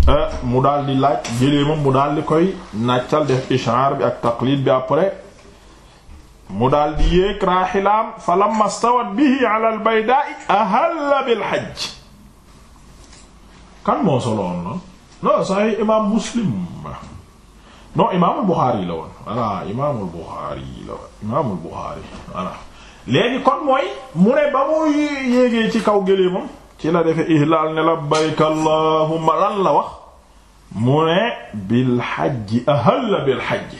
euh, mu daal di laaj jëleemam mu daal di koy nàccal def ishaar bi ak taqlid bi après mu daal di yéeg raaxilaam fa lamma stawat bihi ala al baydaa'i ahalla bil hajj kan moo soloon la non sahih imam muslim non imaamul Buxaari la woon voilà imaamul Buxaari la woon kon mooy mu ne ba mu yéegee ci kaw géléemam ci la defe ihlaal ne labbayka allahumma lan la wax mu ne bil xajji ahalla bil xajji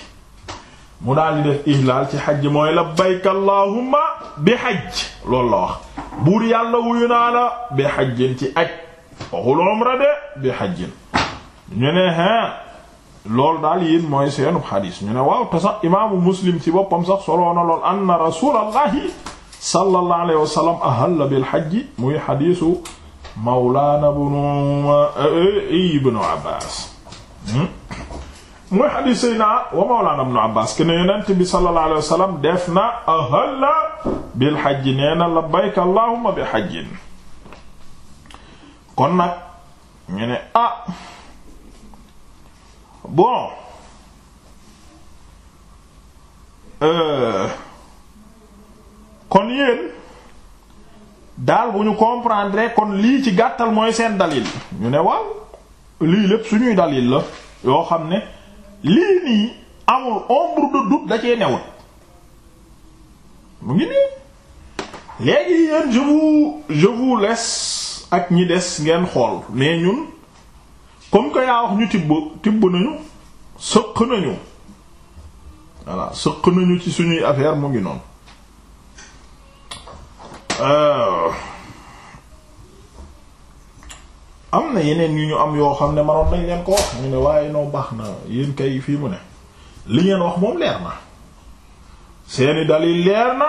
mu daal def ihlaal ci xajj mooy labbayka allahumma bi xajj loolu la wax buur yàlla wuyu naa la bi xajjin ci aj waxul umra de bi xajjin ñu ne ha loolu daal yéen mooy seenu xadiis ñu imaamu muslim ci sax soloo na lool anna rasulallahi sallallahu alayhi wa sallam ahalla bil hajji muy xadiisu mawlaana ibnu eh, eh, abbaas hmm? muy xadiis sayna wa mawlaana ibnu abbaas kene yonent bi sallallahu alayhi wa sallam def na ahalla bil hajji bi hajjin bon euh, kon yéen daal bu ñu comprendre kon lii ci gàttal mooy seen dalil ñu ne waaw lii lépp suñuy dalil la yoo xam ne lii nii amul ombre de doute newut mu ngi nii léegi yéen je vous je ak ñi des ngeen xool mais ñun comme que yaa wax ñu tibb tibb nañu sëq nañu voilà sëq nañu ci suñuy affaire mu ngi noonu euh, am na yeneen yu ñu am yoo xam ne manoon nañ leen ko wax ñu ne waaye noo baax na yéen kay fii mu ne li ngeen wax moom leer na seeni dal dalil leer na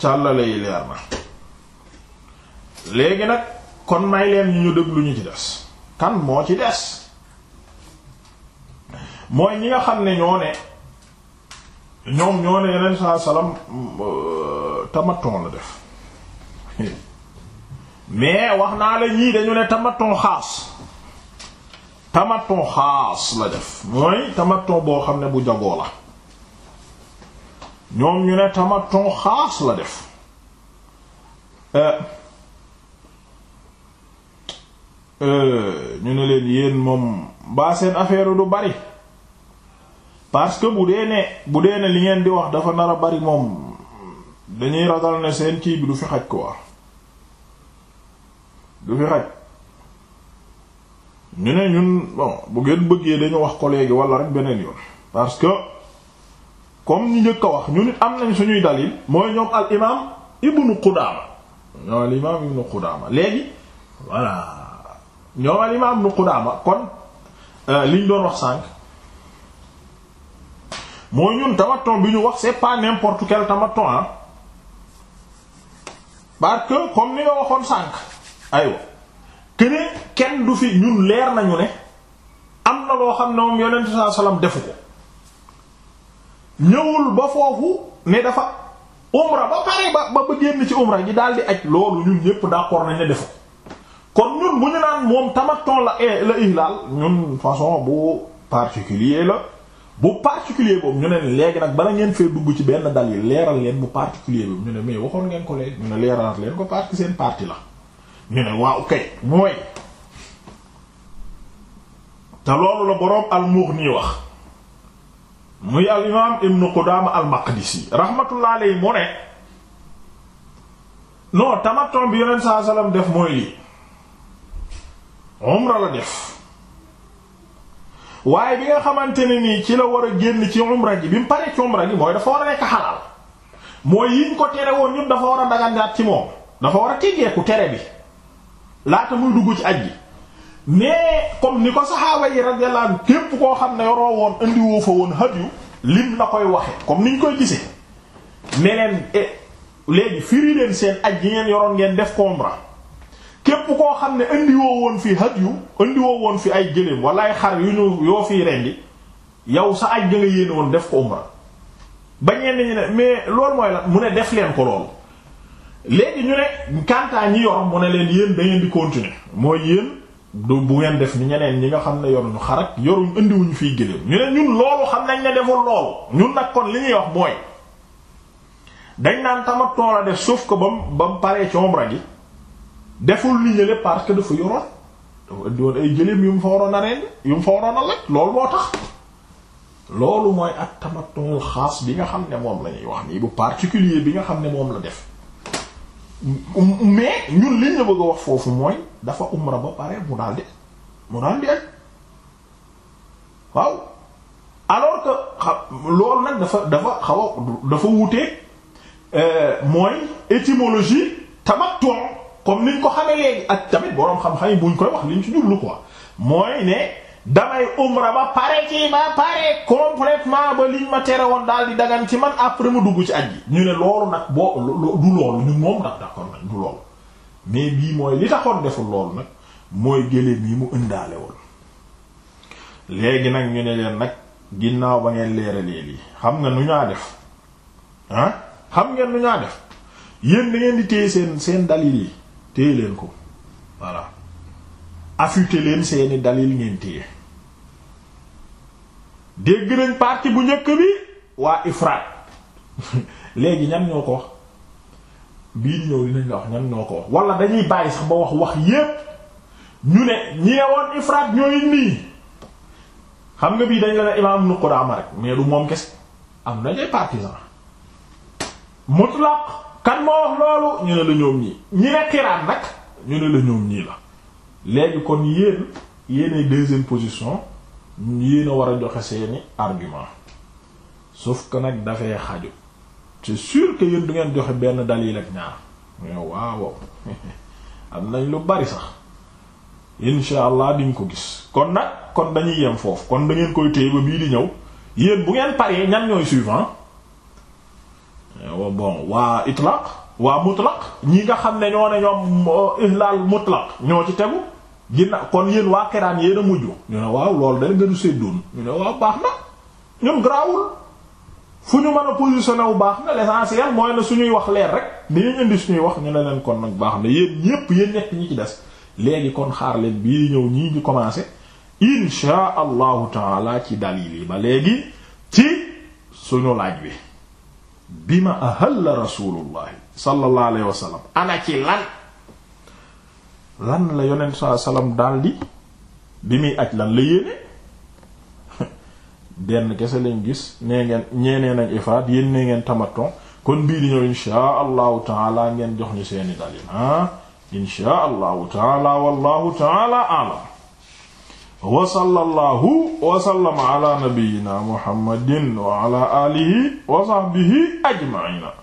càllale yi leer na léegi nag kon may leen ñu ñu déglu ñu ci des kan moo ci des mooy ñi nga xam ne ñoo ne ñoom ñoo ne yeneen saa salaam tamaton la def mais wax naa la ñii dañu ne tamaton xaas tamaton xaas la def mooy tamaton boo xam ne bu jagoo la ñoom ñu ne tamaton xaas la def. Euh, Euh, ñu ne leen yéen moom baa seen affaire du bari parce que bu dee ne bu dee ne li ngeen di wax dafa nar a bari moom dañuy ragal ne seen kii bi du fi xaj quoi du fi xaj ñu ne ñun bon bu ngeen bëggee dañu wax ko léegi wala rek beneen yoon parce que comme ñu njëkk a wax ñu nit am nañ suñuy dalil mooy ñoom al imaam ibnu Qudaama ñoo al ibnu Qudaama léegi voilà. ñoom al imaam nu Qudaama kon euh, liñ doon wax sànq mooy ñun tamattu bi ñu wax sepa pas n'importe quel tamattu comme ni nga waxoon sànq aywa kene kenn du fi ñun leer nañu ne am na loo xam ne moom yonent sallallahu alayhi defu ko ñëwul ba foofu ne dafa umra ba pare ba ba génn ci umra ji daal di aj loolu ñun ñépp d'accord nañ defu ko kon ñun bu ñu naan moom tamaton la eh, la ihlal ñun façon bu particulier la bu particulier boobu ñu ne léegi nag bala ngeen fee dugg ci benn dal yi leeral leen bu particulier boobu ñu ne mais waxoon ngeen ko léegi ñu ne leeral leen ko parti seen parti la ñu ne waaw kay mooy te loolu la boroom al-Mughni wax muy al imaam Ibn Qudaama al-Maqdisi rahmatullah mu ne non tamaton bi yeneen saa salaam def mooy lii. umra la def waaye bi nga xamante ne nii ci la war a génn ci umra ji bi mu paree ci umra ji mooy dafa war a nekk xalaal mooy yiñ ko tere woon ñun dafa war a dagandaat ci moom dafa war a teggeeku tere bi laata muy dugg ci aj gi mais comme ni ko saxaaba yi radiyallahu képp koo xam ne yoroo woon indiwoo fa woon hadiyu lim na koy waxe comme niñ koy gisee ne leen eh, léegi firi leen seen aj gi ngeen yoroon ngeen def ko umra képp koo xam ne indiwoo woon fi had yu indiwoo woon fi ay gëléem wala xar yu ñu yoo fiy rendi yow sa aj ga nga woon def ko umra bañeen nañu ne mais loolu mooy la mu ne def leen ko loolu léegi ñu ne kantaa ñi ne leen yéen da ngeen di continuer mooy yéen du bu ngeen def ni ñeneen ñi nga xam ne yoon xar ak yoruñ indiwuñ fiy gëléem ñu ne ñun loolu xam nañ ne deful loolu ñun nag kon li ñuy wax mooy dañ naan tamat la def sauf que bam ba mu paree ci umra gi deful li ñële parce que dafa yoroon dafa indi woon mu fa waroon a rend yu mu fa waroon a laj moo tax loolu mooy ak tamattuul xaas bi nga xam ne moom la wax nii bu particulier bi nga xam ne moom la def mais ñun liñ bëgg a wax foofu mooy dafa umra ba pare mu daal dafa dafa xaw a dafa wuute euh, mooy étymologie comme niñ ko xamee léegi ak tamit boroom xam-xam yi buñ koy wax liñ ci jublu quoi mooy ne damay umra ba pare ci ba pare complètement ba liñ ma tere woon daal di dagan ci man après mu dugg ci ak ji ñu ne loolu nag boo du loolu ñun moom ndax d'accord nag du loolu mais bii mooy li taxoon deful loolu nag mooy géléem yi mu indaale woon léegi nag ñu ne leen nag ginnaaw ba ngeen leeralee lii xam nga nu ñaa def ah xam ngeen nu ñaa def yéen da ngeen di téye seen seen dalil yi téye leen ko voilà affûté leen seeni dalil ngeen téye dégg nañ partie bu njëkk bi waa ifraat léegi ñan ñoo ko wax bii ñëw dinañ la wax ñoo ko wax wala dañuy bàyyi sax ba wax wax yépp ñu ne ñeewoon ifraat ñooy nii xam nga bii dañ la ne imaam Ibn rek mais du moom kese am nañuy partisan mutlaq kan moo wax loolu ñu ne la ñoom ñii ñi ne xiraan nag ñu ne la ñoom ñii la léegi kon yéen yéenay deuxième position yéen a war a joxe seeni argument sauf que nag dafay xaju c'est sûr que yéen du ngeen joxe benn dalil ak ñaar mais waaw am nañ lu bari sax insha allah diñ ko gis kon nag kon dañuy yem foofu kon da ngeen koy téye ba bii di ñëw yéen bu ngeen paree ñan ñooy suivant Euh, bon waa itlaq waa mutlaq ñi nga xam ne ñoo ne ñoom euh, ihlal mutlaq ñoo ci tegu ginna kon yéen waa keraan yéen a mujj ñu ne waaw loolu day ngënu séddoon ñu ne waaw baax na ñun grawul fu ñu mën a positionné wu baax na l'essentiel mooy ne suñuy wax leer rek dañuy indi suñuy wax ñu ne leen kon nag baax na yéen ñépp yéen ñett ñi ci des léegi kon xaar leen bii ñëw ñii ñu commencé insha allahu taala ci dalil yi ba léegi ci suñu laaj bi bi ma ahalla rasulullahi sallallahu alayhi wa sallam ana ci lan lan la yonent sallallahu alayhi wa sallam daldi bi muy aj lan la yéene denn kese lañ gis nee ngeen ñeenee nañ ifraat yéen ngeen tamaton kon bii di ñëw inshaa allahu taala ngeen jox ñu seeni dalil ah inshaa allahu taala wallahu taala alam wa sallallahu wa sallama ala nabiyyina muhammadin wa ala alihi wa sahbihi ajma'ina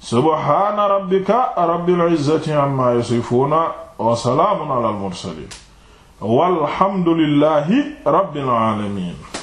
subhana rabbika rabbil izzati amma yasifuna wa salaamun ala al mursalin walhamdulillahi rabbil alamin